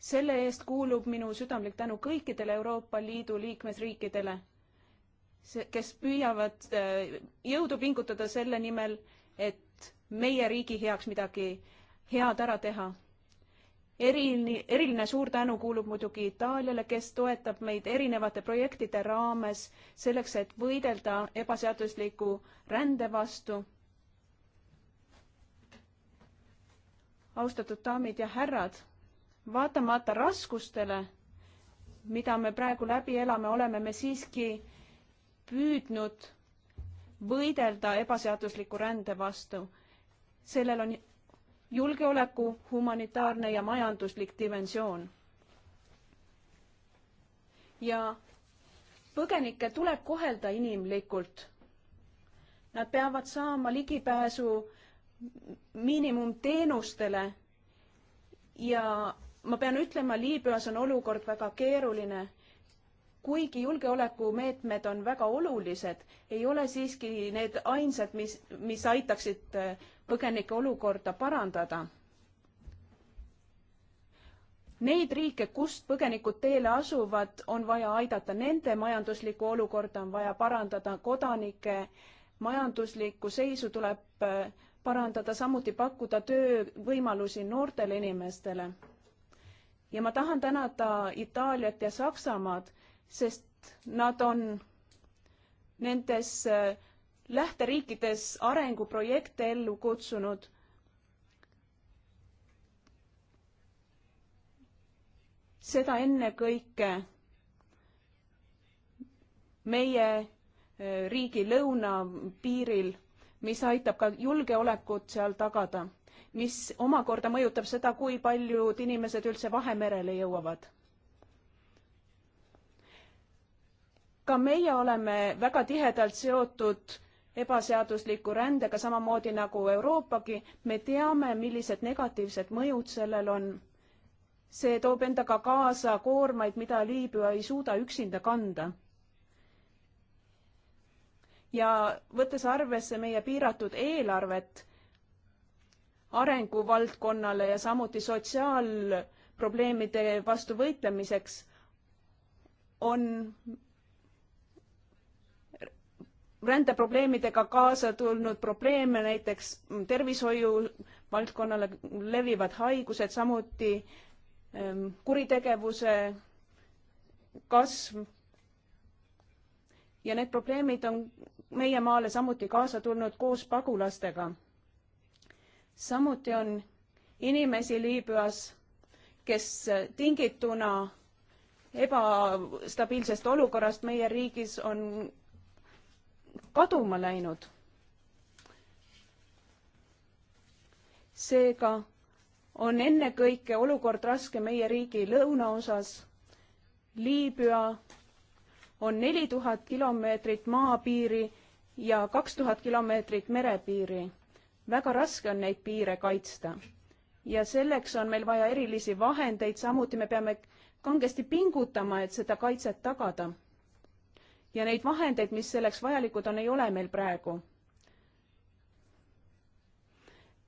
selle eest kuulub minu südamlik tänu kõikidele Euroopa Liidu liikmesriikidele, kes püüavad äh, jõudu pingutada selle nimel, et meie riigi heaks midagi head ära teha. eriline, eriline suur tänu kuulub muidugi Itaaliale, kes toetab meid erinevate projektide raames selleks, et võidelda ebaseadusliku rände vastu. austatud daamid ja härrad, vaatamata raskustele, mida me praegu läbi elame, oleme me siiski püüdnud võidelda ebaseadusliku rände vastu sellel on julgeoleku, humanitaarne ja majanduslik dimensioon. ja põgenikke tuleb kohelda inimlikult. Nad peavad saama ligipääsu miinimumteenustele ja ma pean ütlema, Liibüas on olukord väga keeruline kuigi julgeolekumeetmed on väga olulised, ei ole siiski need ainsad, mis, mis aitaksid äh, põgenike olukorda parandada. Neid riike, kust põgenikud teele asuvad, on vaja aidata, nende majanduslikku olukorda on vaja parandada, kodanike majanduslikku seisu tuleb äh, parandada, samuti pakkuda töövõimalusi noortele inimestele. ja ma tahan tänada Itaaliat ja Saksamaad sest nad on nendes äh, lähteriikides arenguprojekte ellu kutsunud seda ennekõike meie äh, riigi lõunapiiril, mis aitab ka julgeolekut seal tagada, mis omakorda mõjutab seda, kui paljud inimesed üldse Vahemerele jõuavad. ka meie oleme väga tihedalt seotud ebaseadusliku rändega, samamoodi nagu Euroopagi. me teame, millised negatiivsed mõjud sellel on. see toob endaga kaasa koormaid, mida Liibüa ei suuda üksinda kanda. ja võttes arvesse meie piiratud eelarvet arenguvaldkonnale ja samuti sotsiaalprobleemide vastu võitlemiseks, on rändeprobleemidega kaasa tulnud probleeme, näiteks tervishoiu valdkonnale levivad haigused, samuti ehm, kuritegevuse kasv. ja need probleemid on meie maale samuti kaasa tulnud koos pagulastega. samuti on inimesi Liibüas, kes tingituna ebastabiilsest olukorrast meie riigis on kaduma läinud. seega on ennekõike olukord raske meie riigi lõunaosas. Liibüa on neli tuhat kilomeetrit maapiiri ja kaks tuhat kilomeetrit merepiiri. väga raske on neid piire kaitsta. ja selleks on meil vaja erilisi vahendeid, samuti me peame kangesti pingutama, et seda kaitset tagada ja neid vahendeid, mis selleks vajalikud on, ei ole meil praegu.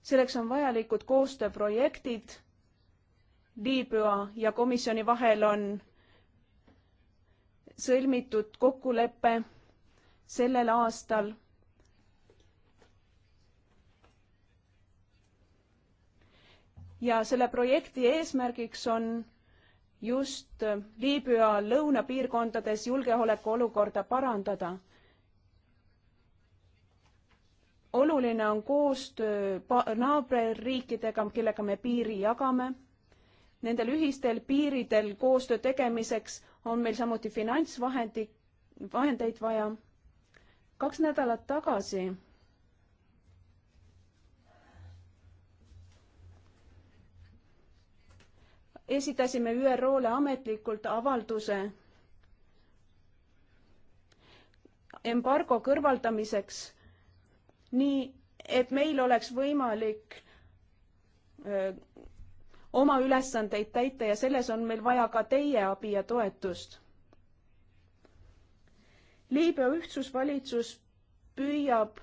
selleks on vajalikud koostööprojektid Liibüa ja komisjoni vahel on sõlmitud kokkulepe sellel aastal. ja selle projekti eesmärgiks on just äh, Liibüa lõunapiirkondades julgeolekuolukorda parandada. oluline on koostöö naaberriikidega, kellega me piiri jagame. Nendel ühistel piiridel koostöö tegemiseks on meil samuti finantsvahendi, vahendeid vaja. kaks nädalat tagasi esitasime ÜRO-le ametlikult avalduse embargo kõrvaldamiseks, nii et meil oleks võimalik öö, oma ülesandeid täita ja selles on meil vaja ka teie abi ja toetust. Liibüa ühtsusvalitsus püüab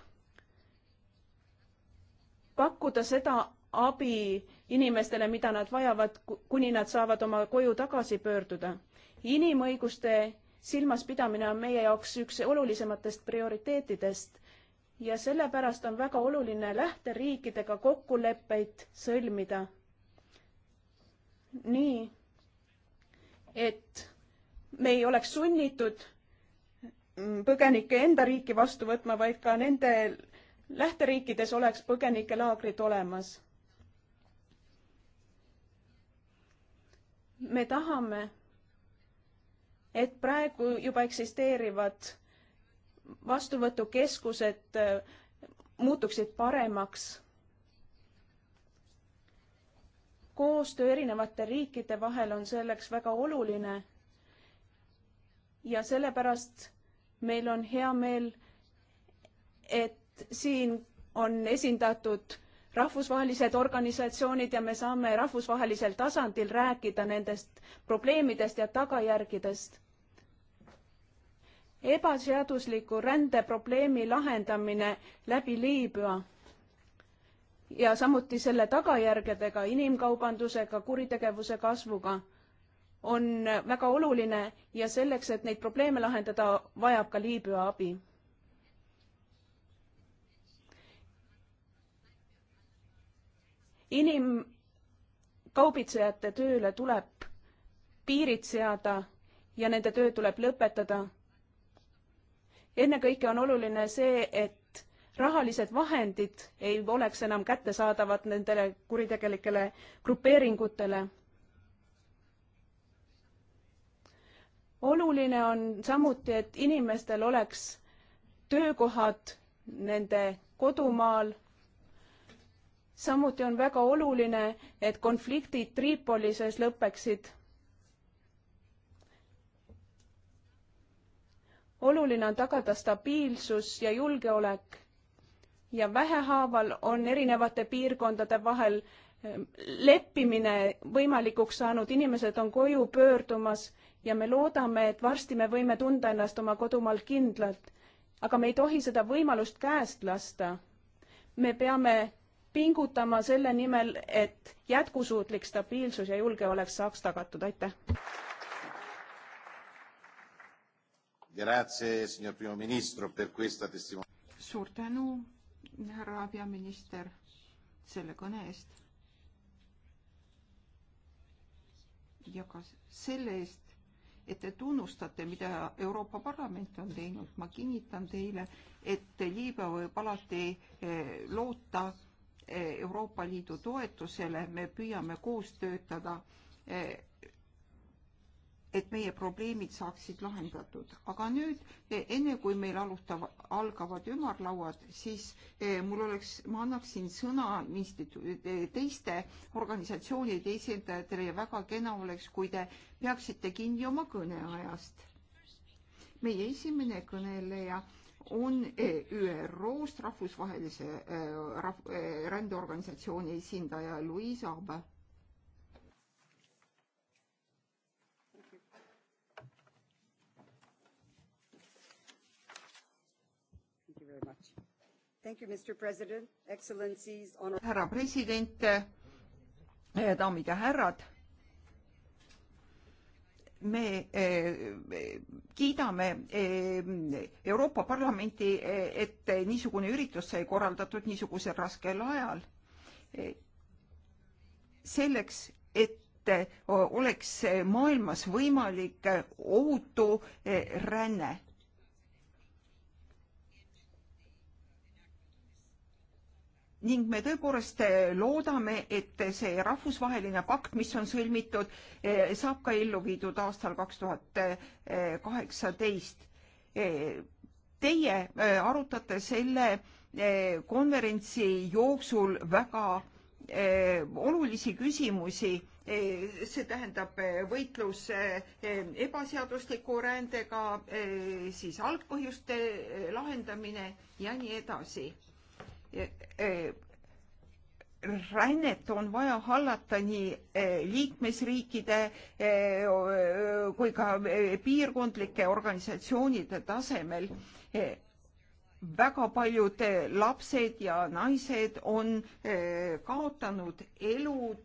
pakkuda seda abi, inimestele, mida nad vajavad, kuni nad saavad oma koju tagasi pöörduda. inimõiguste silmaspidamine on meie jaoks üks olulisematest prioriteetidest ja sellepärast on väga oluline lähteriikidega kokkuleppeid sõlmida. nii, et me ei oleks sunnitud mm, põgenikke enda riiki vastu võtma, vaid ka nende lähteriikides oleks põgenikelaagrid olemas me tahame, et praegu juba eksisteerivad vastuvõtukeskused eh, muutuksid paremaks koostöö erinevate riikide vahel on selleks väga oluline. ja sellepärast meil on hea meel, et siin on esindatud rahvusvahelised organisatsioonid ja me saame rahvusvahelisel tasandil rääkida nendest probleemidest ja tagajärgedest. ebaseadusliku rändeprobleemi lahendamine läbi Liibüa ja samuti selle tagajärgedega, inimkaubandusega, kuritegevuse kasvuga on väga oluline ja selleks, et neid probleeme lahendada, vajab ka Liibüa abi inimkaubitsejate tööle tuleb piirid seada ja nende töö tuleb lõpetada. ennekõike on oluline see, et rahalised vahendid ei oleks enam kättesaadavad nendele kuritegelikele grupeeringutele. oluline on samuti, et inimestel oleks töökohad nende kodumaal samuti on väga oluline, et konfliktid Tripolises lõpeksid. oluline on tagada stabiilsus ja julgeolek ja vähehaaval on erinevate piirkondade vahel eh, leppimine võimalikuks saanud, inimesed on koju pöördumas ja me loodame, et varsti me võime tunda ennast oma kodumaal kindlalt. aga me ei tohi seda võimalust käest lasta. me peame pingutama selle nimel, et jätkusuutlik stabiilsus ja julgeolek saaks tagatud, aitäh. suur tänu, härra peaminister, selle kõne eest. ja ka selle eest, et te tunnustate, mida Euroopa Parlament on teinud. ma kinnitan teile, et Liibüa võib alati eh, loota Euroopa Liidu toetusele, me püüame koos töötada, et meie probleemid saaksid lahendatud. aga nüüd, enne kui meil alustav, algavad ümarlauad, siis eh, mul oleks, ma annaksin sõna institu-, teiste organisatsioonide esindajatele ja väga kena oleks, kui te peaksite kinni oma kõneajast. meie esimene kõneleja on e ÜRO-st rahvusvahelise äh, rahv, äh, rändeorganisatsiooni esindaja Louise Arbe. härra president, äh, daamid ja härrad Eh, me kiidame eh, Euroopa Parlamenti, eh, et niisugune üritus sai korraldatud niisugusel raskel ajal. selleks, et oleks maailmas võimalik ohutu ränne ning me tõepoolest eh, loodame, et see rahvusvaheline pakt, mis on sõlmitud, eh, saab ka ellu viidud aastal kaks tuhat eh, kaheksateist. Teie arutate selle konverentsi jooksul väga olulisi küsimusi, see tähendab võitlus ebaseadusliku rändega, siis algpõhjuste lahendamine ja nii edasi E, rännet on vaja hallata nii e, liikmesriikide e, kui ka piirkondlike organisatsioonide tasemel. väga paljud lapsed ja naised on kaotanud elud.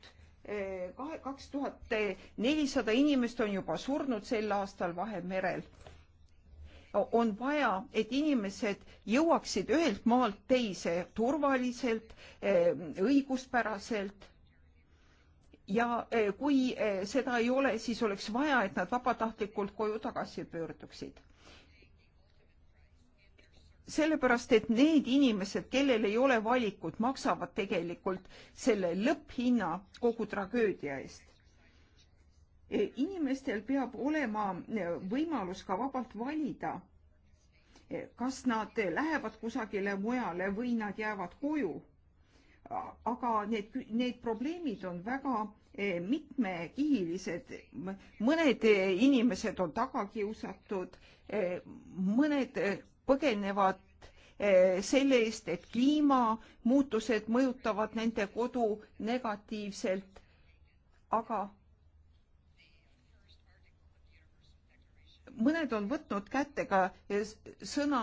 kaks tuhat nelisada inimest on juba surnud sel aastal Vahemerel on vaja, et inimesed jõuaksid ühelt maalt teise turvaliselt, eh, õiguspäraselt ja eh, kui eh, seda ei ole, siis oleks vaja, et nad vabatahtlikult koju tagasi pöörduksid. sellepärast, et need inimesed, kellel ei ole valikut, maksavad tegelikult selle lõpphinna kogu tragöödia eest inimestel peab olema e, võimalus ka vabalt valida, e, kas nad lähevad kusagile mujale või nad jäävad koju. aga need, need probleemid on väga e, mitmekihilised, mõned inimesed on tagakiusatud, mõned põgenevad selle eest, et kliimamuutused mõjutavad nende kodu negatiivselt, aga mõned on võtnud kätte ka eh, sõna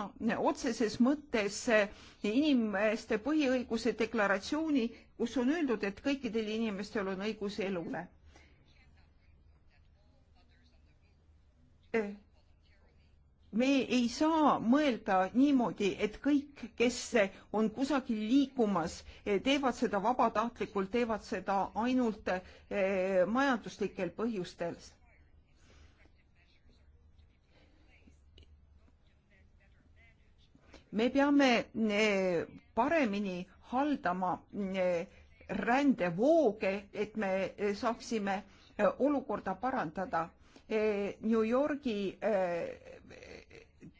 otseses mõttes eh, inimeste põhiõiguse deklaratsiooni, kus on öeldud, et kõikidel inimestel on õigus elule. Eh, me ei saa mõelda niimoodi, et kõik, kes on kusagil liikumas, teevad seda vabatahtlikult, teevad seda ainult majanduslikel põhjustel me peame eh, paremini haldama eh, rändevooge, et me eh, saaksime olukorda parandada. New Yorgi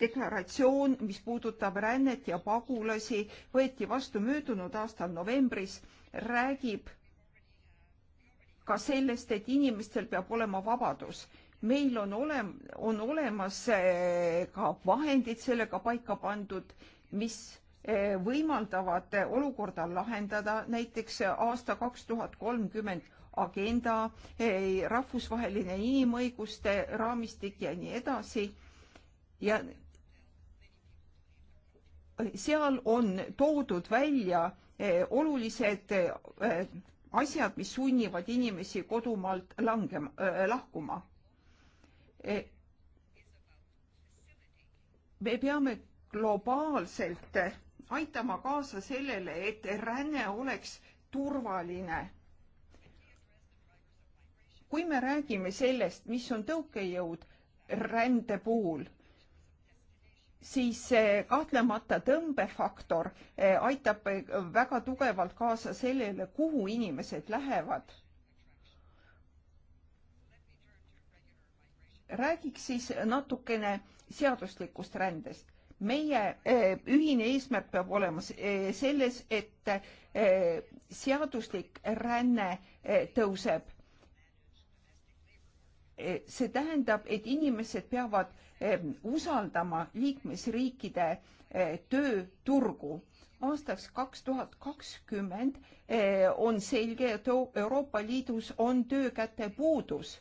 deklaratsioon, mis puudutab rännet ja pagulasi, võeti vastu möödunud aastal novembris, räägib ka sellest, et inimestel peab olema vabadus meil on olem-, on olemas eh, ka vahendid sellega paika pandud, mis eh, võimaldavad eh, olukorda lahendada, näiteks aasta kaks tuhat kolmkümmend agenda, rahvusvaheline inimõiguste raamistik ja nii edasi. ja seal on toodud välja olulised asjad, mis sunnivad inimesi kodumaalt langema, lahkuma E, me peame globaalselt aitama kaasa sellele, et ränne oleks turvaline. kui me räägime sellest, mis on tõukejõud rände puhul, siis kahtlemata tõmbefaktor eh, aitab väga tugevalt kaasa sellele, kuhu inimesed lähevad räägiks siis natukene seaduslikust rändest. meie eh, ühine eesmärk peab olema eh, selles, et eh, seaduslik ränne tõuseb. see tähendab, et inimesed peavad usaldama liikmesriikide tööturgu aastaks kaks tuhat kakskümmend on selge, et Euroopa Liidus on töökäte puudus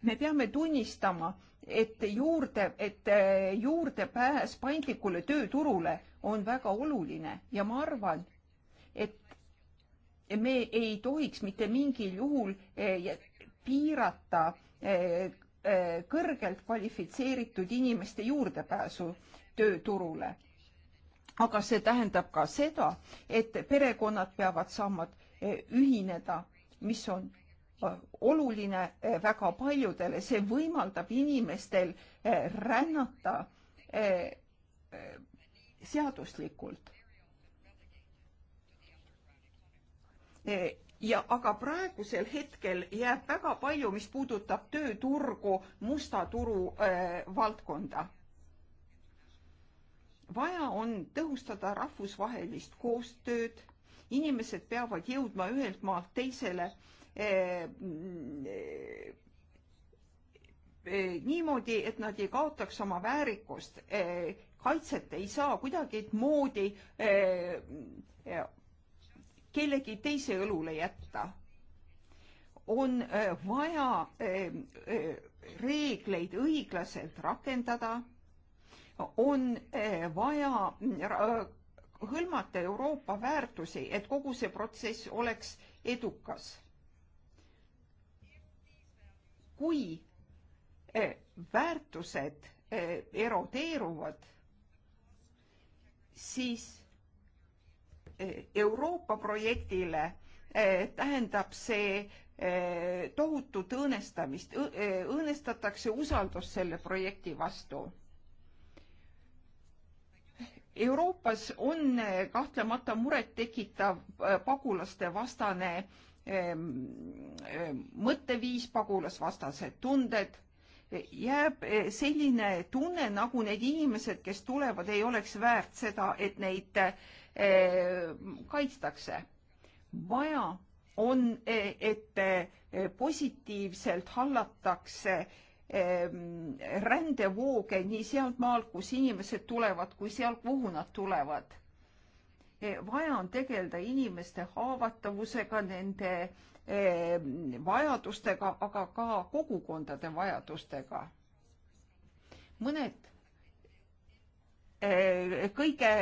me peame tunnistama, et juurde, et eh, juurdepääs paindlikule tööturule on väga oluline ja ma arvan, et me ei tohiks mitte mingil juhul eh, piirata eh, kõrgelt kvalifitseeritud inimeste juurdepääsu tööturule. aga see tähendab ka seda, et perekonnad peavad saama ühineda, mis on oluline eh, väga paljudele, see võimaldab inimestel eh, rännata eh, seaduslikult. ja aga praegusel hetkel jääb väga palju, mis puudutab tööturgu, musta turu äh, valdkonda. vaja on tõhustada rahvusvahelist koostööd, inimesed peavad jõudma ühelt maalt teisele äh, Eh, mm, eh, niimoodi, et nad ei kaotaks oma väärikust. Eh, kaitset ei saa kuidagimoodi kellegi teise õlule jätta. on vaja reegleid õiglaselt rakendada, on vaja mm, hõlmata Euroopa väärtusi, et kogu see protsess oleks edukas kui eh, väärtused eh, erodeeruvad, siis eh, Euroopa projektile tähendab see tohutut õõnestamist, õõnestatakse usaldust selle projekti vastu. Euroopas on kahtlemata murettekitav pagulaste vastane äh, Ehm, ehm, mõtteviis, pagulasvastased tunded, jääb eh, selline tunne, nagu need inimesed, kes tulevad, ei oleks väärt seda, et neid ehm, kaitstakse. vaja on, e, et e, positiivselt hallatakse rändevooge nii sealtmaalt, kus inimesed tulevad, kui sealt, kuhu nad tulevad E, vaja on tegeleda inimeste haavatavusega, nende e, vajadustega, aga ka kogukondade vajadustega. mõned e, kõige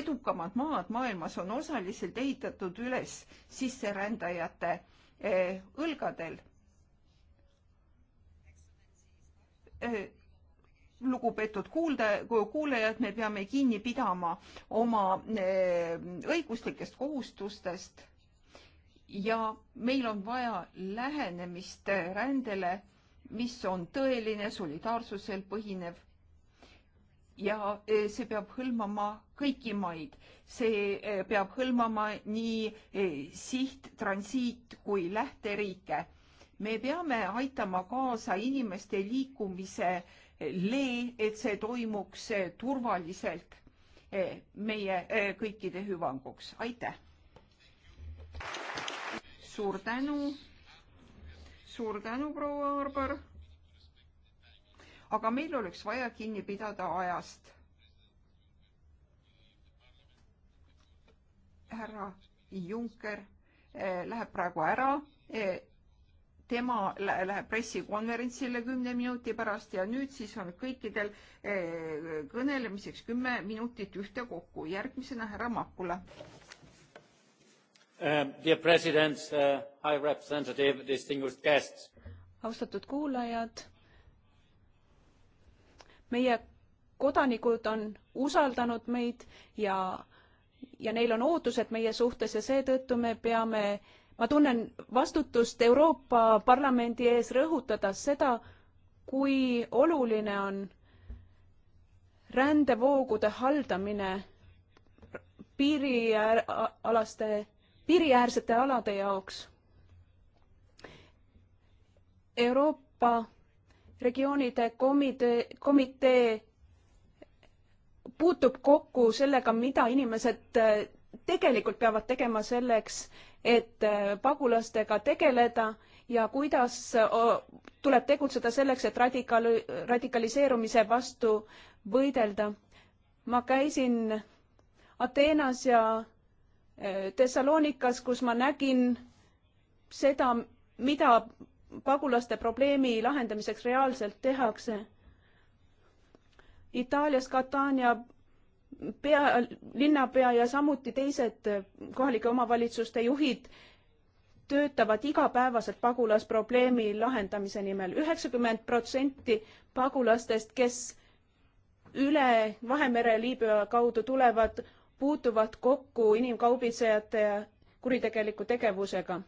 edukamad maad maailmas on osaliselt ehitatud üles sisserändajate õlgadel lugupeetud kuulde, kuulajad, me peame kinni pidama oma eh, õiguslikest kohustustest ja meil on vaja lähenemist rändele, mis on tõeline, solidaarsusel põhinev. ja eh, see peab hõlmama kõiki maid, see eh, peab hõlmama nii siht, transiit kui lähteriike. me peame aitama kaasa inimeste liikumise äh, lee, et see toimuks eh, turvaliselt eh, meie eh, kõikide hüvanguks. aitäh! suur tänu, suur tänu, proua Arbar. aga meil oleks vaja kinni pidada ajast. härra Junker läheb praegu ära tema läheb pressikonverentsile kümne minuti pärast ja nüüd siis on kõikidel eh, kõnelemiseks kümme minutit ühtekokku. järgmisena härra Makula. Uh, dear president uh,, high representative, distinguished guests. austatud kuulajad, meie kodanikud on usaldanud meid ja, ja neil on ootused meie suhtes ja seetõttu me peame uh, ma tunnen vastutust Euroopa Parlamendi ees rõhutada seda, kui oluline on rändevoogude haldamine piirialaste, piiriäärsete alade jaoks. Euroopa regioonide komitee, komitee puutub kokku sellega, mida inimesed eh, tegelikult peavad tegema selleks, et äh, pagulastega tegeleda ja kuidas tuleb tegutseda selleks, et radikaal, radikaliseerumise vastu võidelda. ma käisin Ateenas ja äh, Thessalonikas, kus ma nägin seda, mida pagulaste probleemi lahendamiseks reaalselt tehakse. Itaalias Catania pea, linnapea ja samuti teised kohalike omavalitsuste juhid töötavad igapäevaselt pagulasprobleemi lahendamise nimel. üheksakümmend protsenti pagulastest, kes üle Vahemere Liibüa kaudu tulevad, puutuvad kokku inimkaubitsejate ja kuritegeliku tegevusega.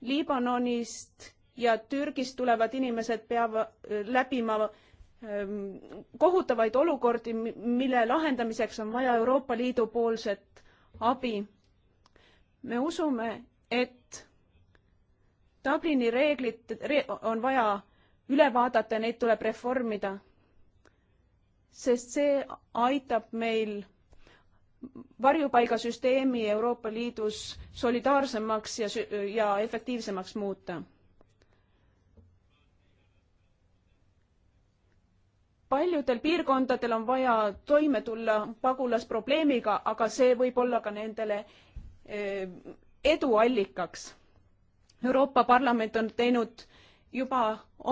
Liibanonist ja Türgist tulevad inimesed peavad läbima Ehm, kohutavaid olukordi, mille lahendamiseks on vaja Euroopa Liidu poolset abi. me usume, et Dublini reeglid re, on vaja üle vaadata ja neid tuleb reformida. sest see aitab meil varjupaigasüsteemi Euroopa Liidus solidaarsemaks ja, ja efektiivsemaks muuta paljudel piirkondadel on vaja toime tulla pagulasprobleemiga, aga see võib olla ka nendele eh, eduallikaks. Euroopa Parlament on teinud juba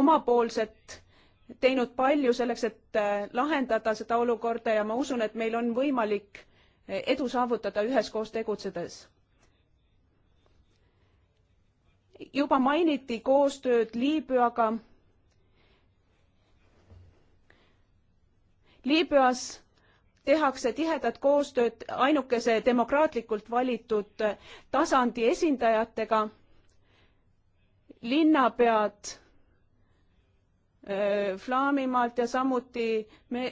omapoolset, teinud palju selleks, et eh, lahendada seda olukorda ja ma usun, et meil on võimalik eh, edu saavutada üheskoos tegutsedes juba mainiti koostööd Liibüaga Liibüas tehakse tihedat koostööd ainukese demokraatlikult valitud tasandi esindajatega. linnapead äh, Flaamimaalt ja samuti me,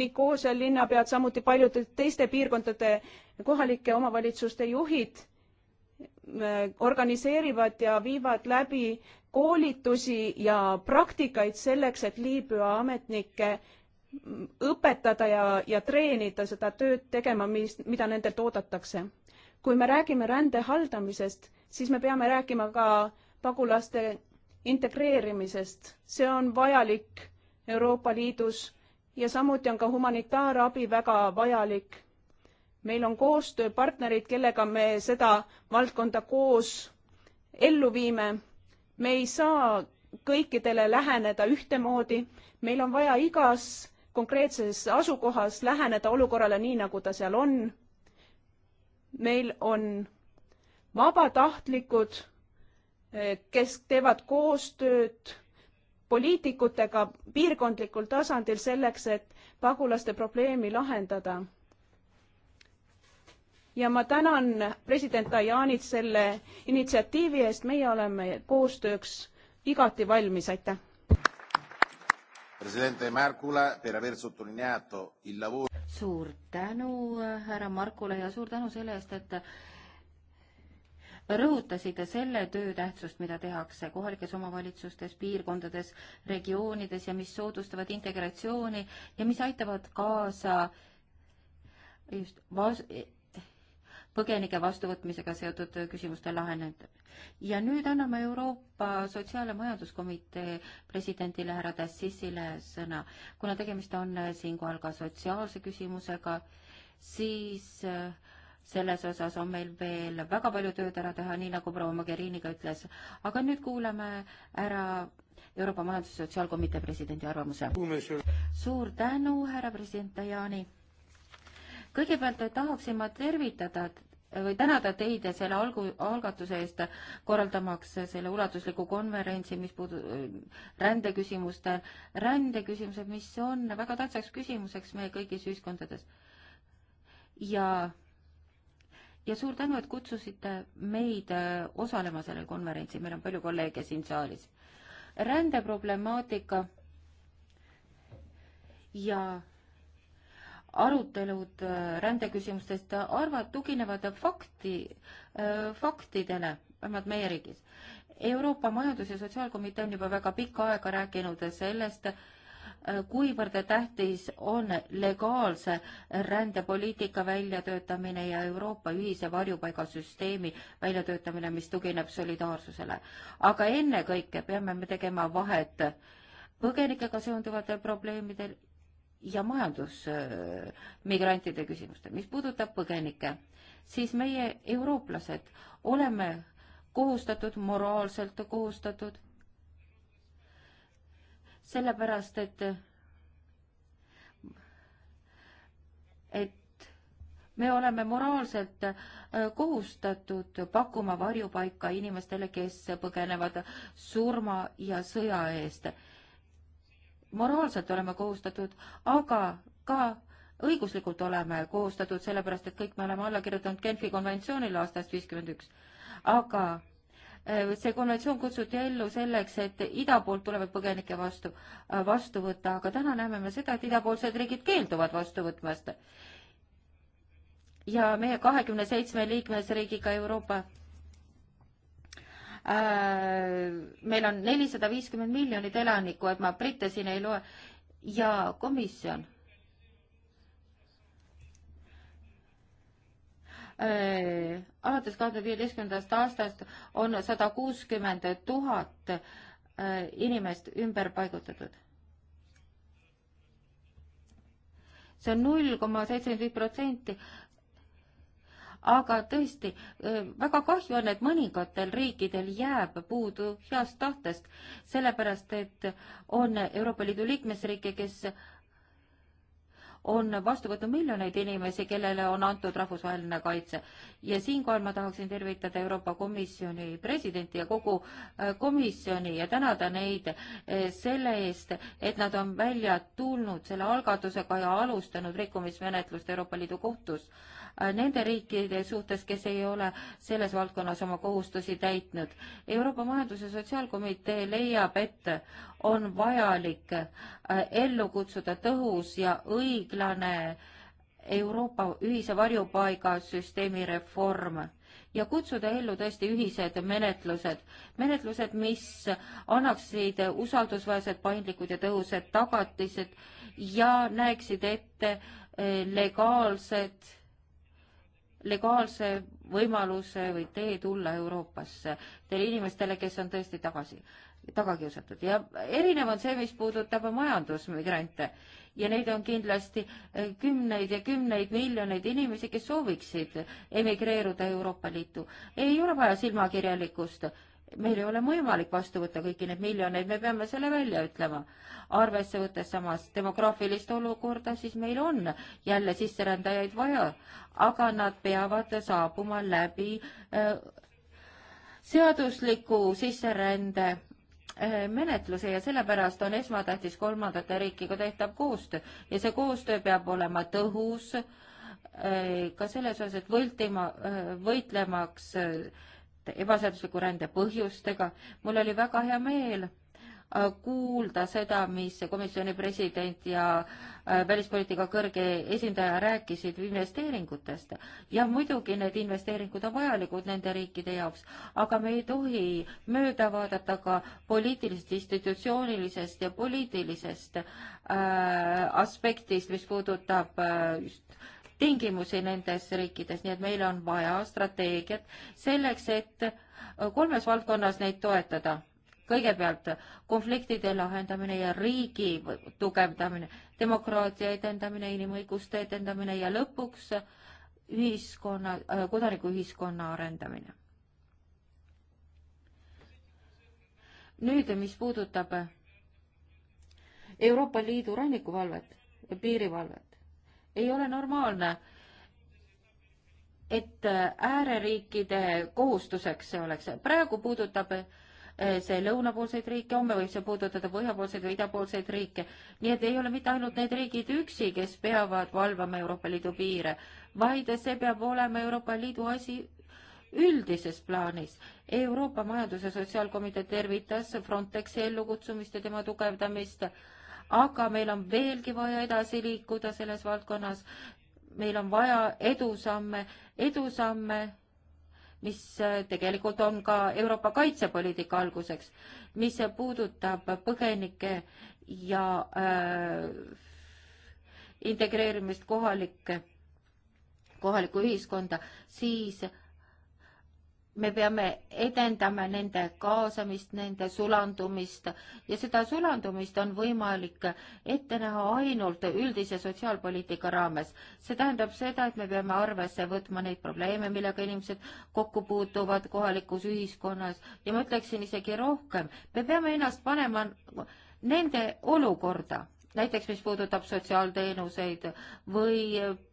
Nikosia linnapead, samuti paljude teiste piirkondade kohalike omavalitsuste juhid äh, organiseerivad ja viivad läbi koolitusi ja praktikaid selleks, et Liibüa ametnikke õpetada ja, ja treenida seda tööd tegema, mis, mida nendelt oodatakse. kui me räägime rände haldamisest, siis me peame rääkima ka pagulaste integreerimisest, see on vajalik Euroopa Liidus ja samuti on ka humanitaarabi väga vajalik. meil on koostööpartnerid, kellega me seda valdkonda koos ellu viime. me ei saa kõikidele läheneda ühtemoodi, meil on vaja igas konkreetses asukohas läheneda olukorrale nii, nagu ta seal on. meil on vabatahtlikud, eh, kes teevad koostööd poliitikutega piirkondlikul tasandil selleks, et pagulaste probleemi lahendada. ja ma tänan president Tajanit selle initsiatiivi eest, meie oleme koostööks igati valmis, aitäh! presidente Markula per aver sottolineato il lavoro. suur tänu, härra Markula ja suur tänu selle eest, et rõhutasite selle töö tähtsust, mida tehakse kohalikes omavalitsustes, piirkondades, regioonides ja mis soodustavad integratsiooni ja mis aitavad kaasa just vas-, põgenike vastuvõtmisega seotud küsimuste lahendamine. ja nüüd anname Euroopa Sotsiaal- ja Majanduskomitee presidendile härra Tassisile sõna. kuna tegemist on siinkohal ka sotsiaalse küsimusega, siis äh, selles osas on meil veel väga palju tööd ära teha, nii nagu proua Mogherini ka ütles. aga nüüd kuulame ära Euroopa Majandus- ja Sotsiaalkomitee presidendi arvamuse. suur tänu, härra president Tajani kõigepealt tahaksin ma tervitada või tänada teid selle algu, algatuse eest korraldamaks selle ulatusliku konverentsi, mis puudu-, rändeküsimuste, rändeküsimused, mis on väga tähtsaks küsimuseks meie kõigis ühiskondades. ja, ja suur tänu, et kutsusite meid äh, osalema sellel konverentsil, meil on palju kolleege siin saalis. rändeproblemaatika ja arutelud äh, rändeküsimustest arvad, tuginevad fakti, äh, faktidele, vähemalt meie riigis. Euroopa Majandus- ja Sotsiaalkomitee on juba väga pikka aega rääkinud sellest, äh, kuivõrd tähtis on legaalse rändepoliitika väljatöötamine ja Euroopa ühise varjupaigasüsteemi väljatöötamine, mis tugineb solidaarsusele. aga ennekõike peame me tegema vahet põgenikega seonduvatel probleemidel ja majandusmigrantide äh, küsimuste. mis puudutab põgenikke, siis meie, eurooplased, oleme kohustatud, moraalselt kohustatud, sellepärast et, et me oleme moraalselt äh, kohustatud pakkuma varjupaika inimestele, kes põgenevad surma ja sõja eest moraalselt oleme kohustatud, aga ka õiguslikult oleme kohustatud, sellepärast et kõik me oleme alla kirjutanud Genfi konventsioonile aastast viiskümmend üks. aga äh, see konventsioon kutsuti ellu selleks, et ida poolt tulevaid põgenikke vastu, äh, vastu võtta, aga täna näeme me seda, et idapoolsed riigid keelduvad vastu võtmast. ja meie kahekümne seitsme liikmesriigiga Euroopa Äh, meil on nelisada viiskümmend miljonit elanikku, et ma britte siin ei loe, ja komisjon äh, alates kahe tuhande viieteistkümnendast aastast on sada kuuskümmend tuhat äh, inimest ümber paigutatud. see on null koma seitsekümmend viis protsenti aga tõesti, väga kahju on, et mõningatel riikidel jääb puudu heast tahtest, sellepärast et on Euroopa Liidu liikmesriike, kes on vastu võtnud miljoneid inimesi, kellele on antud rahvusvaheline kaitse. ja siinkohal ma tahaksin tervitada Euroopa Komisjoni presidenti ja kogu komisjoni ja tänada neid selle eest, et nad on välja tulnud selle algatusega ja alustanud rikkumismenetlust Euroopa Liidu kohtus nende riikide suhtes, kes ei ole selles valdkonnas oma kohustusi täitnud. Euroopa Majandus- ja Sotsiaalkomitee leiab, et on vajalik äh, ellu kutsuda tõhus ja õiglane Euroopa ühise varjupaigasüsteemi reform ja kutsuda ellu tõesti ühised menetlused, menetlused, mis annaksid usaldusväärsed, paindlikud ja tõhusad tagatised ja näeksid ette äh, legaalsed legaalse võimaluse või tee tulla Euroopasse, teile inimestele, kes on tõesti tagasi, tagakiusatud ja erinev on see, mis puudutab majandusmigrante ja neid on kindlasti eh, kümneid ja kümneid miljoneid inimesi, kes sooviksid emigreeruda Euroopa Liitu. ei ole vaja silmakirjalikkust meil mhm. ei ole võimalik vastu võtta kõiki neid miljoneid, me peame selle välja ütlema. arvesse võttes samas demograafilist olukorda, siis meil on jälle sisserändajaid vaja, aga nad peavad saabuma läbi äh, seadusliku sisserände äh, menetluse ja sellepärast on esmatähtis kolmandate riikidega tehtav koostöö ja see koostöö peab olema tõhus äh, ka selles osas, et võltima, äh, võitlemaks ebaseadusliku rände põhjustega. mul oli väga hea meel äh, kuulda seda, mis komisjoni president ja äh, välispoliitika kõrge esindaja rääkisid investeeringutest. ja muidugi need investeeringud on vajalikud nende riikide jaoks, aga me ei tohi mööda vaadata ka poliitilisest, institutsioonilisest ja poliitilisest äh, aspektist, mis puudutab äh, just tingimusi nendes riikides, nii et meil on vaja strateegiat selleks, et äh, kolmes valdkonnas neid toetada. kõigepealt konfliktide lahendamine ja riigi tugevdamine, demokraatia edendamine, inimõiguste edendamine ja lõpuks ühiskonna, äh, kodanikuühiskonna arendamine. nüüd, mis puudutab Euroopa Liidu rannikuvalvet, piirivalvet ei ole normaalne, et äh, ääreriikide kohustuseks see oleks. praegu puudutab äh, see lõunapoolseid riike, homme võib see puudutada põhjapoolseid või idapoolseid riike. nii et ei ole mitte ainult need riigid üksi, kes peavad valvama Euroopa Liidu piire, vaid see peab olema Euroopa Liidu asi üldises plaanis. Euroopa Majandus- ja Sotsiaalkomitee tervitas Frontexi ellukutsumist ja tema tugevdamist aga meil on veelgi vaja edasi liikuda selles valdkonnas. meil on vaja edusamme, edusamme, mis äh, tegelikult on ka Euroopa kaitsepoliitika alguseks, mis puudutab põgenikke ja äh, integreerimist kohalike, kohalikku ühiskonda, siis äh, me peame edendama nende kaasamist, nende sulandumist ja seda sulandumist on võimalik ette näha ainult üldise sotsiaalpoliitika raames. see tähendab seda, et me peame arvesse võtma neid probleeme, millega inimesed kokku puutuvad kohalikus ühiskonnas ja ma ütleksin isegi rohkem, me peame ennast panema nende olukorda näiteks mis puudutab sotsiaalteenuseid või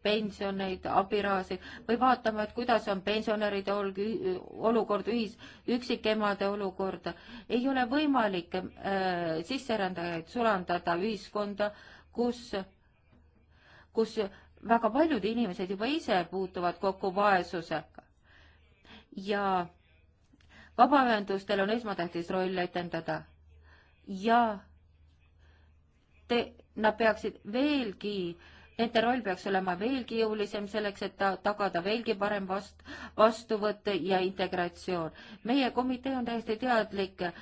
pensioneid, abirahasid või vaatame, et kuidas on pensionäride olukord ühis, üksikemade olukord. ei ole võimalik äh, sisserändajaid sulandada ühiskonda, kus, kus väga paljud inimesed juba ise puutuvad kokku vaesusega. ja vabaühendustel on esmatähtis roll etendada ja te, nad peaksid veelgi, nende roll peaks olema veelgi jõulisem selleks, et ta, tagada veelgi parem vast-, vastuvõtt ja integratsioon. meie komitee on täiesti teadlik eh,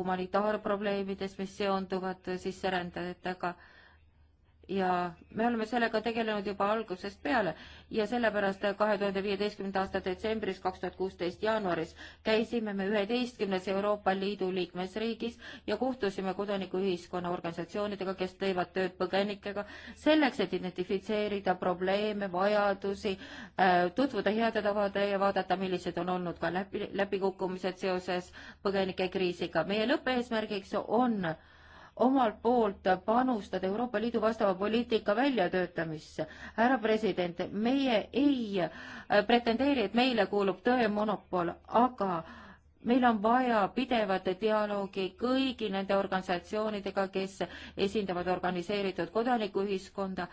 humanitaarprobleemidest, mis seonduvad sisserändajatega äh, ja me oleme sellega tegelenud juba algusest peale ja sellepärast kahe tuhande viieteistkümnenda aasta detsembris, kaks tuhat kuusteist jaanuaris käisime me üheteistkümnes Euroopa Liidu liikmesriigis ja kohtusime kodanikuühiskonna organisatsioonidega, kes teevad tööd põgenikega, selleks, et identifitseerida probleeme, vajadusi, äh, tutvuda heade tavade ja vaadata, millised on olnud ka läbi, läbikukkumised seoses põgenikekriisiga. meie lõppeesmärgiks on äh, omalt poolt panustada Euroopa Liidu vastava poliitika väljatöötamisse. härra president, meie ei äh, pretendeeri, et meile kuulub tõemonopol, aga meil on vaja pidevat dialoogi kõigi nende organisatsioonidega, kes esindavad organiseeritud kodanikuühiskonda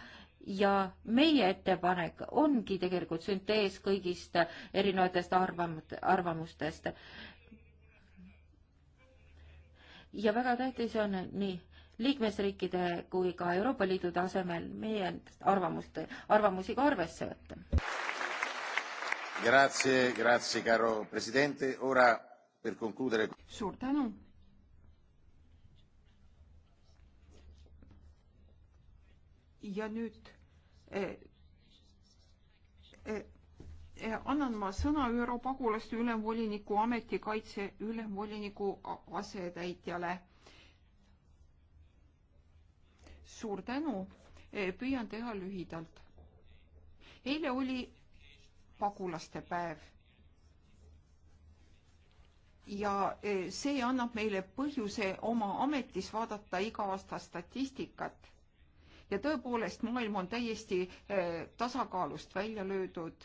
ja meie ettepanek ongi tegelikult süntees kõigist erinevatest arvam-, arvamustest ja väga tähtis on nii liikmesriikide kui ka Euroopa Liidu tasemel meie arvamust, arvamusi ka arvesse võtta. Grazie, grazie, caro presidente, ora per concludere. suur tänu. ja nüüd eh, eh, Eh, annan ma sõna ÜRO pagulaste ülemvoliniku ametikaitse ülemvoliniku asetäitjale. suur tänu, eh, püüan teha lühidalt. eile oli pagulaste päev. ja eh, see annab meile põhjuse oma ametis vaadata iga aasta statistikat. ja tõepoolest, maailm on täiesti tasakaalust välja löödud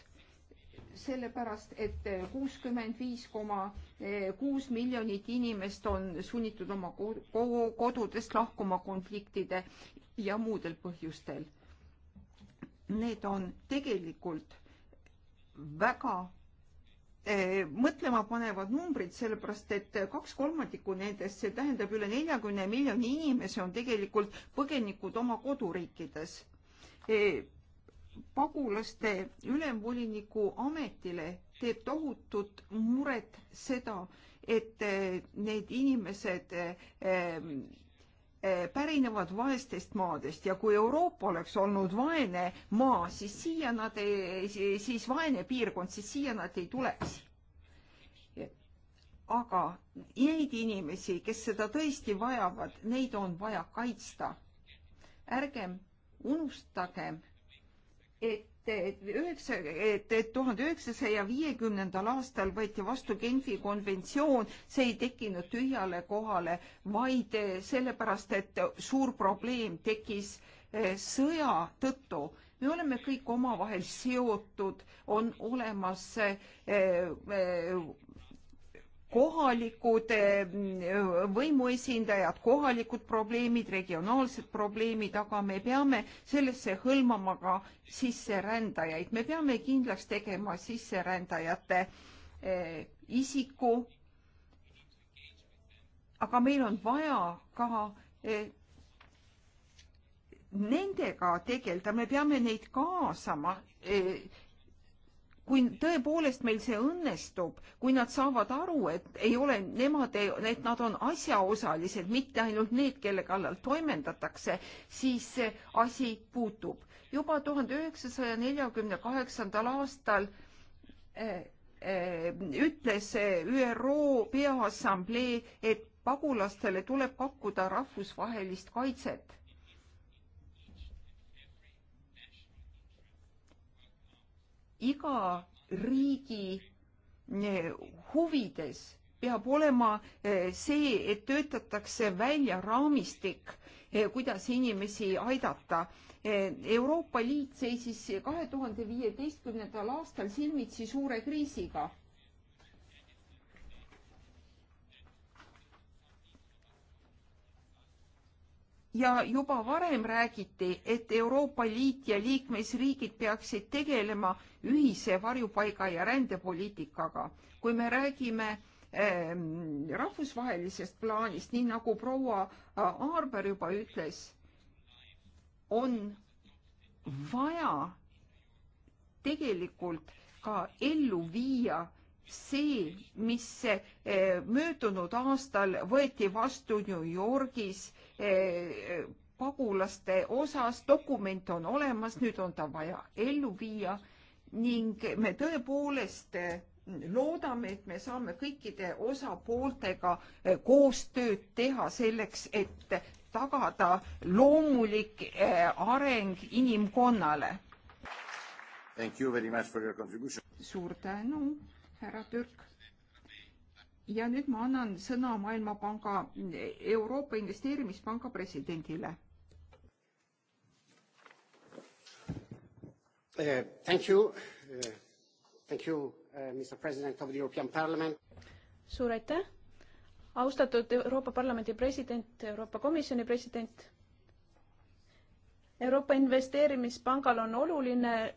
sellepärast, et kuuskümmend viis koma kuus miljonit inimest on sunnitud oma kodudest lahkuma konfliktide ja muudel põhjustel. Need on tegelikult väga eh, mõtlemapanevad numbrid, sellepärast et kaks kolmandikku nendest, see tähendab üle neljakümne miljoni inimese on tegelikult põgenikud oma koduriikides. Eh, pagulaste ülemvoliniku ametile teeb tohutut muret seda, et eh, need inimesed eh, eh, pärinevad vaestest maadest ja kui Euroopa oleks olnud vaene maa, siis siia nad ei, siis vaene piirkond, siis siia nad ei tuleks. aga neid inimesi, kes seda tõesti vajavad, neid on vaja kaitsta. ärgem unustagem et üheksa, et, et tuhande üheksasaja viiekümnendal aastal võeti vastu Genfi konventsioon, see ei tekkinud tühjale kohale, vaid eh, sellepärast, et suur probleem tekkis eh, sõja tõttu. me oleme kõik omavahel seotud, on olemas eh, kohalikud eh, võimuesindajad, kohalikud probleemid, regionaalsed probleemid, aga me peame sellesse hõlmama ka sisserändajaid, me peame kindlaks tegema sisserändajate eh, isiku. aga meil on vaja ka eh, nendega tegeleda, me peame neid kaasama kui tõepoolest meil see õnnestub, kui nad saavad aru, et ei ole nemad, et nad on asjaosalised, mitte ainult need, kelle kallal toimetatakse, siis see asi puutub. juba tuhande üheksasaja neljakümne kaheksandal aastal äh, äh, ütles eh, ÜRO Peaassamblee, et pagulastele tuleb pakkuda rahvusvahelist kaitset iga riigi eh, huvides peab olema eh, see, et töötatakse välja raamistik, eh, kuidas inimesi aidata. Euroopa Liit seisis kahe tuhande viieteistkümnendal aastal silmitsi suure kriisiga ja juba varem räägiti, et Euroopa Liit ja liikmesriigid peaksid tegelema ühise varjupaiga ja rändepoliitikaga. kui me räägime ähm, rahvusvahelisest plaanist, nii nagu proua äh, Aarber juba ütles, on vaja tegelikult ka ellu viia see, mis eh, möödunud aastal võeti vastu New Yorgis eh, pagulaste osas, dokument on olemas, nüüd on ta vaja ellu viia ning me tõepoolest eh, loodame, et me saame kõikide osapooltega koostööd teha selleks, et tagada loomulik areng inimkonnale. suur tänu härra Türk. ja nüüd ma annan sõna Maailmapanga, Euroopa Investeerimispanga presidendile. Eh, thank you, eh, thank you, eh, Mr President of the European Parliament. suur aitäh, austatud Euroopa Parlamendi president, Euroopa Komisjoni president Euroopa Investeerimispangal on oluline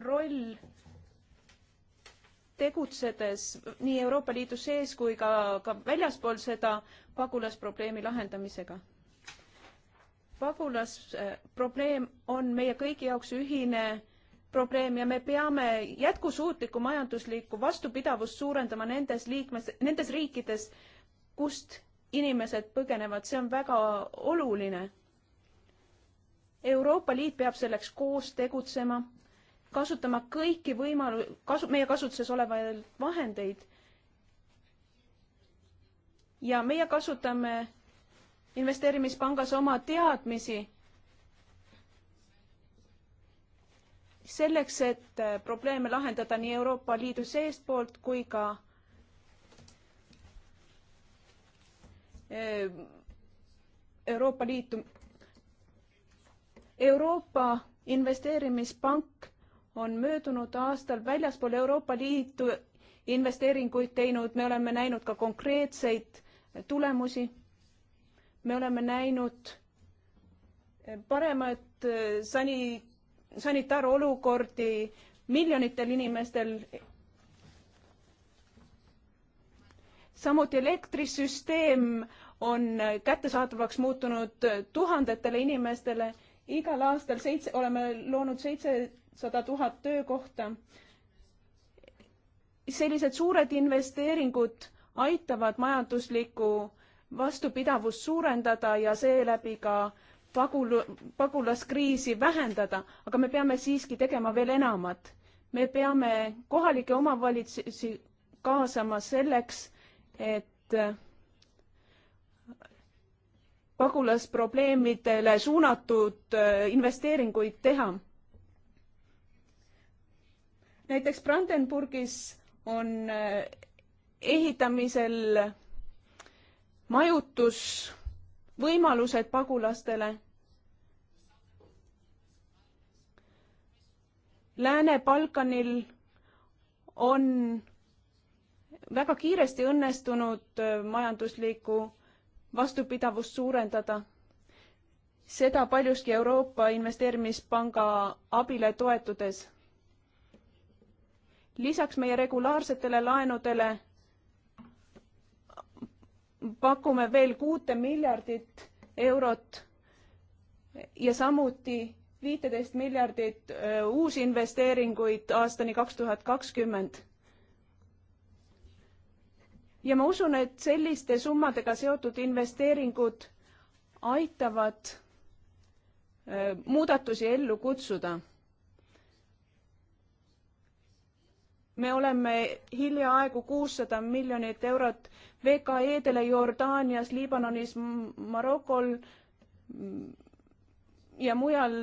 roll tegutsedes nii Euroopa Liidu sees kui ka, ka väljaspool seda pagulasprobleemi lahendamisega. pagulasprobleem eh, on meie kõigi jaoks ühine probleem ja me peame jätkusuutlikku majanduslikku vastupidavust suurendama nendes liikmes, nendes riikides, kust inimesed põgenevad, see on väga oluline. Euroopa Liit peab selleks koos tegutsema kasutama kõiki võimalu-, kasu-, meie kasutuses olevaid vahendeid. ja meie kasutame investeerimispangas oma teadmisi selleks, et probleeme lahendada nii Euroopa Liidu seestpoolt kui ka eh, Euroopa Liitu. Euroopa Investeerimispank on möödunud aastal väljaspool Euroopa Liitu investeeringuid teinud, me oleme näinud ka konkreetseid tulemusi. me oleme näinud paremat eh, sani-, sanitaarolukordi miljonitel inimestel. samuti elektrisüsteem on kättesaadavaks muutunud tuhandetele inimestele. igal aastal seitse, oleme loonud seitse sada tuhat töökohta. sellised suured investeeringud aitavad majanduslikku vastupidavust suurendada ja seeläbi ka pagul-, pagulaskriisi vähendada, aga me peame siiski tegema veel enamat. me peame kohalikke omavalitsusi kaasama selleks, et pagulasprobleemidele suunatud äh, investeeringuid teha näiteks Brandenburgis on äh, ehitamisel majutusvõimalused pagulastele. Lääne-Balkanil on väga kiiresti õnnestunud äh, majanduslikku vastupidavust suurendada. seda paljuski Euroopa Investeerimispanga abile toetudes lisaks meie regulaarsetele laenudele pakume veel kuute miljardit eurot ja samuti viiteist miljardit äh, uusinvesteeringuid aastani kaks tuhat kakskümmend. ja ma usun, et selliste summadega seotud investeeringud aitavad äh, muudatusi ellu kutsuda me oleme hiljaaegu kuussada miljonit eurot VKE-dele Jordaanias, Liibanonis, Marokol ja mujal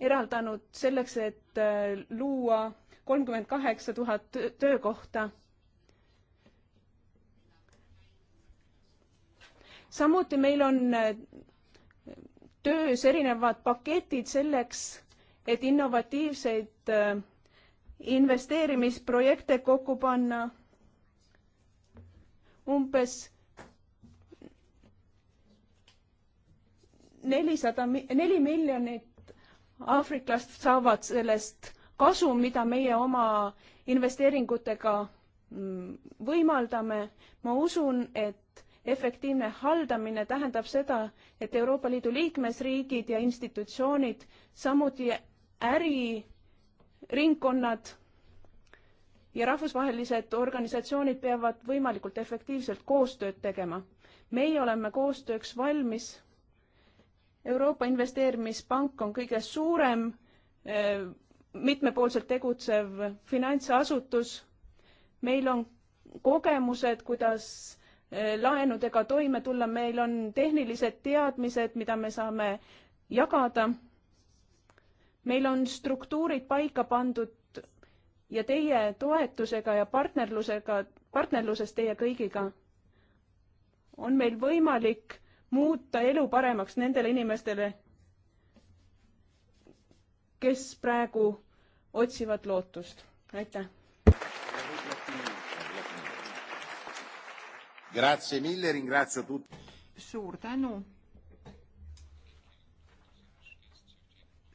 eraldanud selleks, et äh, luua kolmkümmend kaheksa tuhat töökohta. samuti meil on äh, töös erinevad paketid selleks, et innovatiivseid äh, investeerimisprojekte kokku panna umbes nelisada, neli miljonit aafriklast saavad sellest kasu, mida meie oma investeeringutega mm, võimaldame. ma usun, et efektiivne haldamine tähendab seda, et Euroopa Liidu liikmesriigid ja institutsioonid, samuti äri ringkonnad ja rahvusvahelised organisatsioonid peavad võimalikult efektiivselt koostööd tegema. meie oleme koostööks valmis. Euroopa Investeerimispank on kõige suurem eh, mitmepoolselt tegutsev finantsasutus. meil on kogemused, kuidas eh, laenudega toime tulla, meil on tehnilised teadmised, mida me saame jagada meil on struktuurid paika pandud ja teie toetusega ja partnerlusega, partnerluses teie kõigiga on meil võimalik muuta elu paremaks nendele inimestele, kes praegu otsivad lootust. aitäh! suur tänu!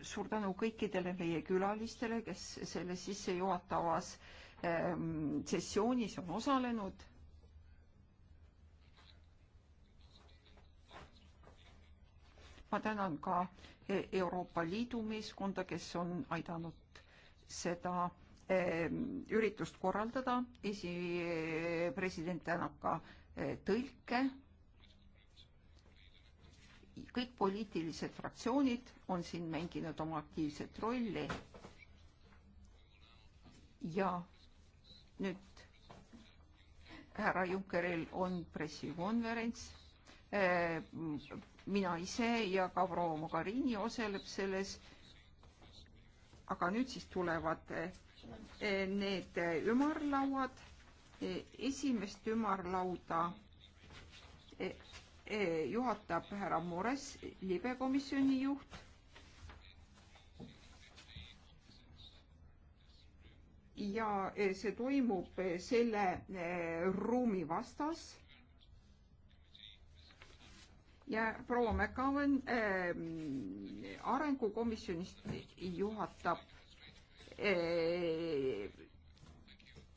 suur tänu kõikidele meie külalistele, kes selles sissejuhatavas ähm, sessioonis on osalenud. ma tänan ka äh, Euroopa Liidu meeskonda, kes on aidanud seda ähm, üritust korraldada, esipresident tänab ka äh, tõlke kõik poliitilised fraktsioonid on siin mänginud oma aktiivset rolli. ja nüüd härra Junckeril on pressikonverents. Äh, mina ise ja ka proua Mogherini osaleb selles. aga nüüd siis tulevad äh, need äh, ümarlauad. esimest ümarlauda E, juhatab härra Mures, libe komisjoni juht. ja e, see toimub e, selle ruumi vastas ja proua McCowan äh, arengukomisjonist juhatab äh,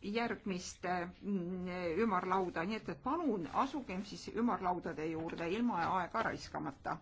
järgmist mm, ümarlauda, nii et, et palun asugem siis ümarlaudade juurde ilma aega raiskamata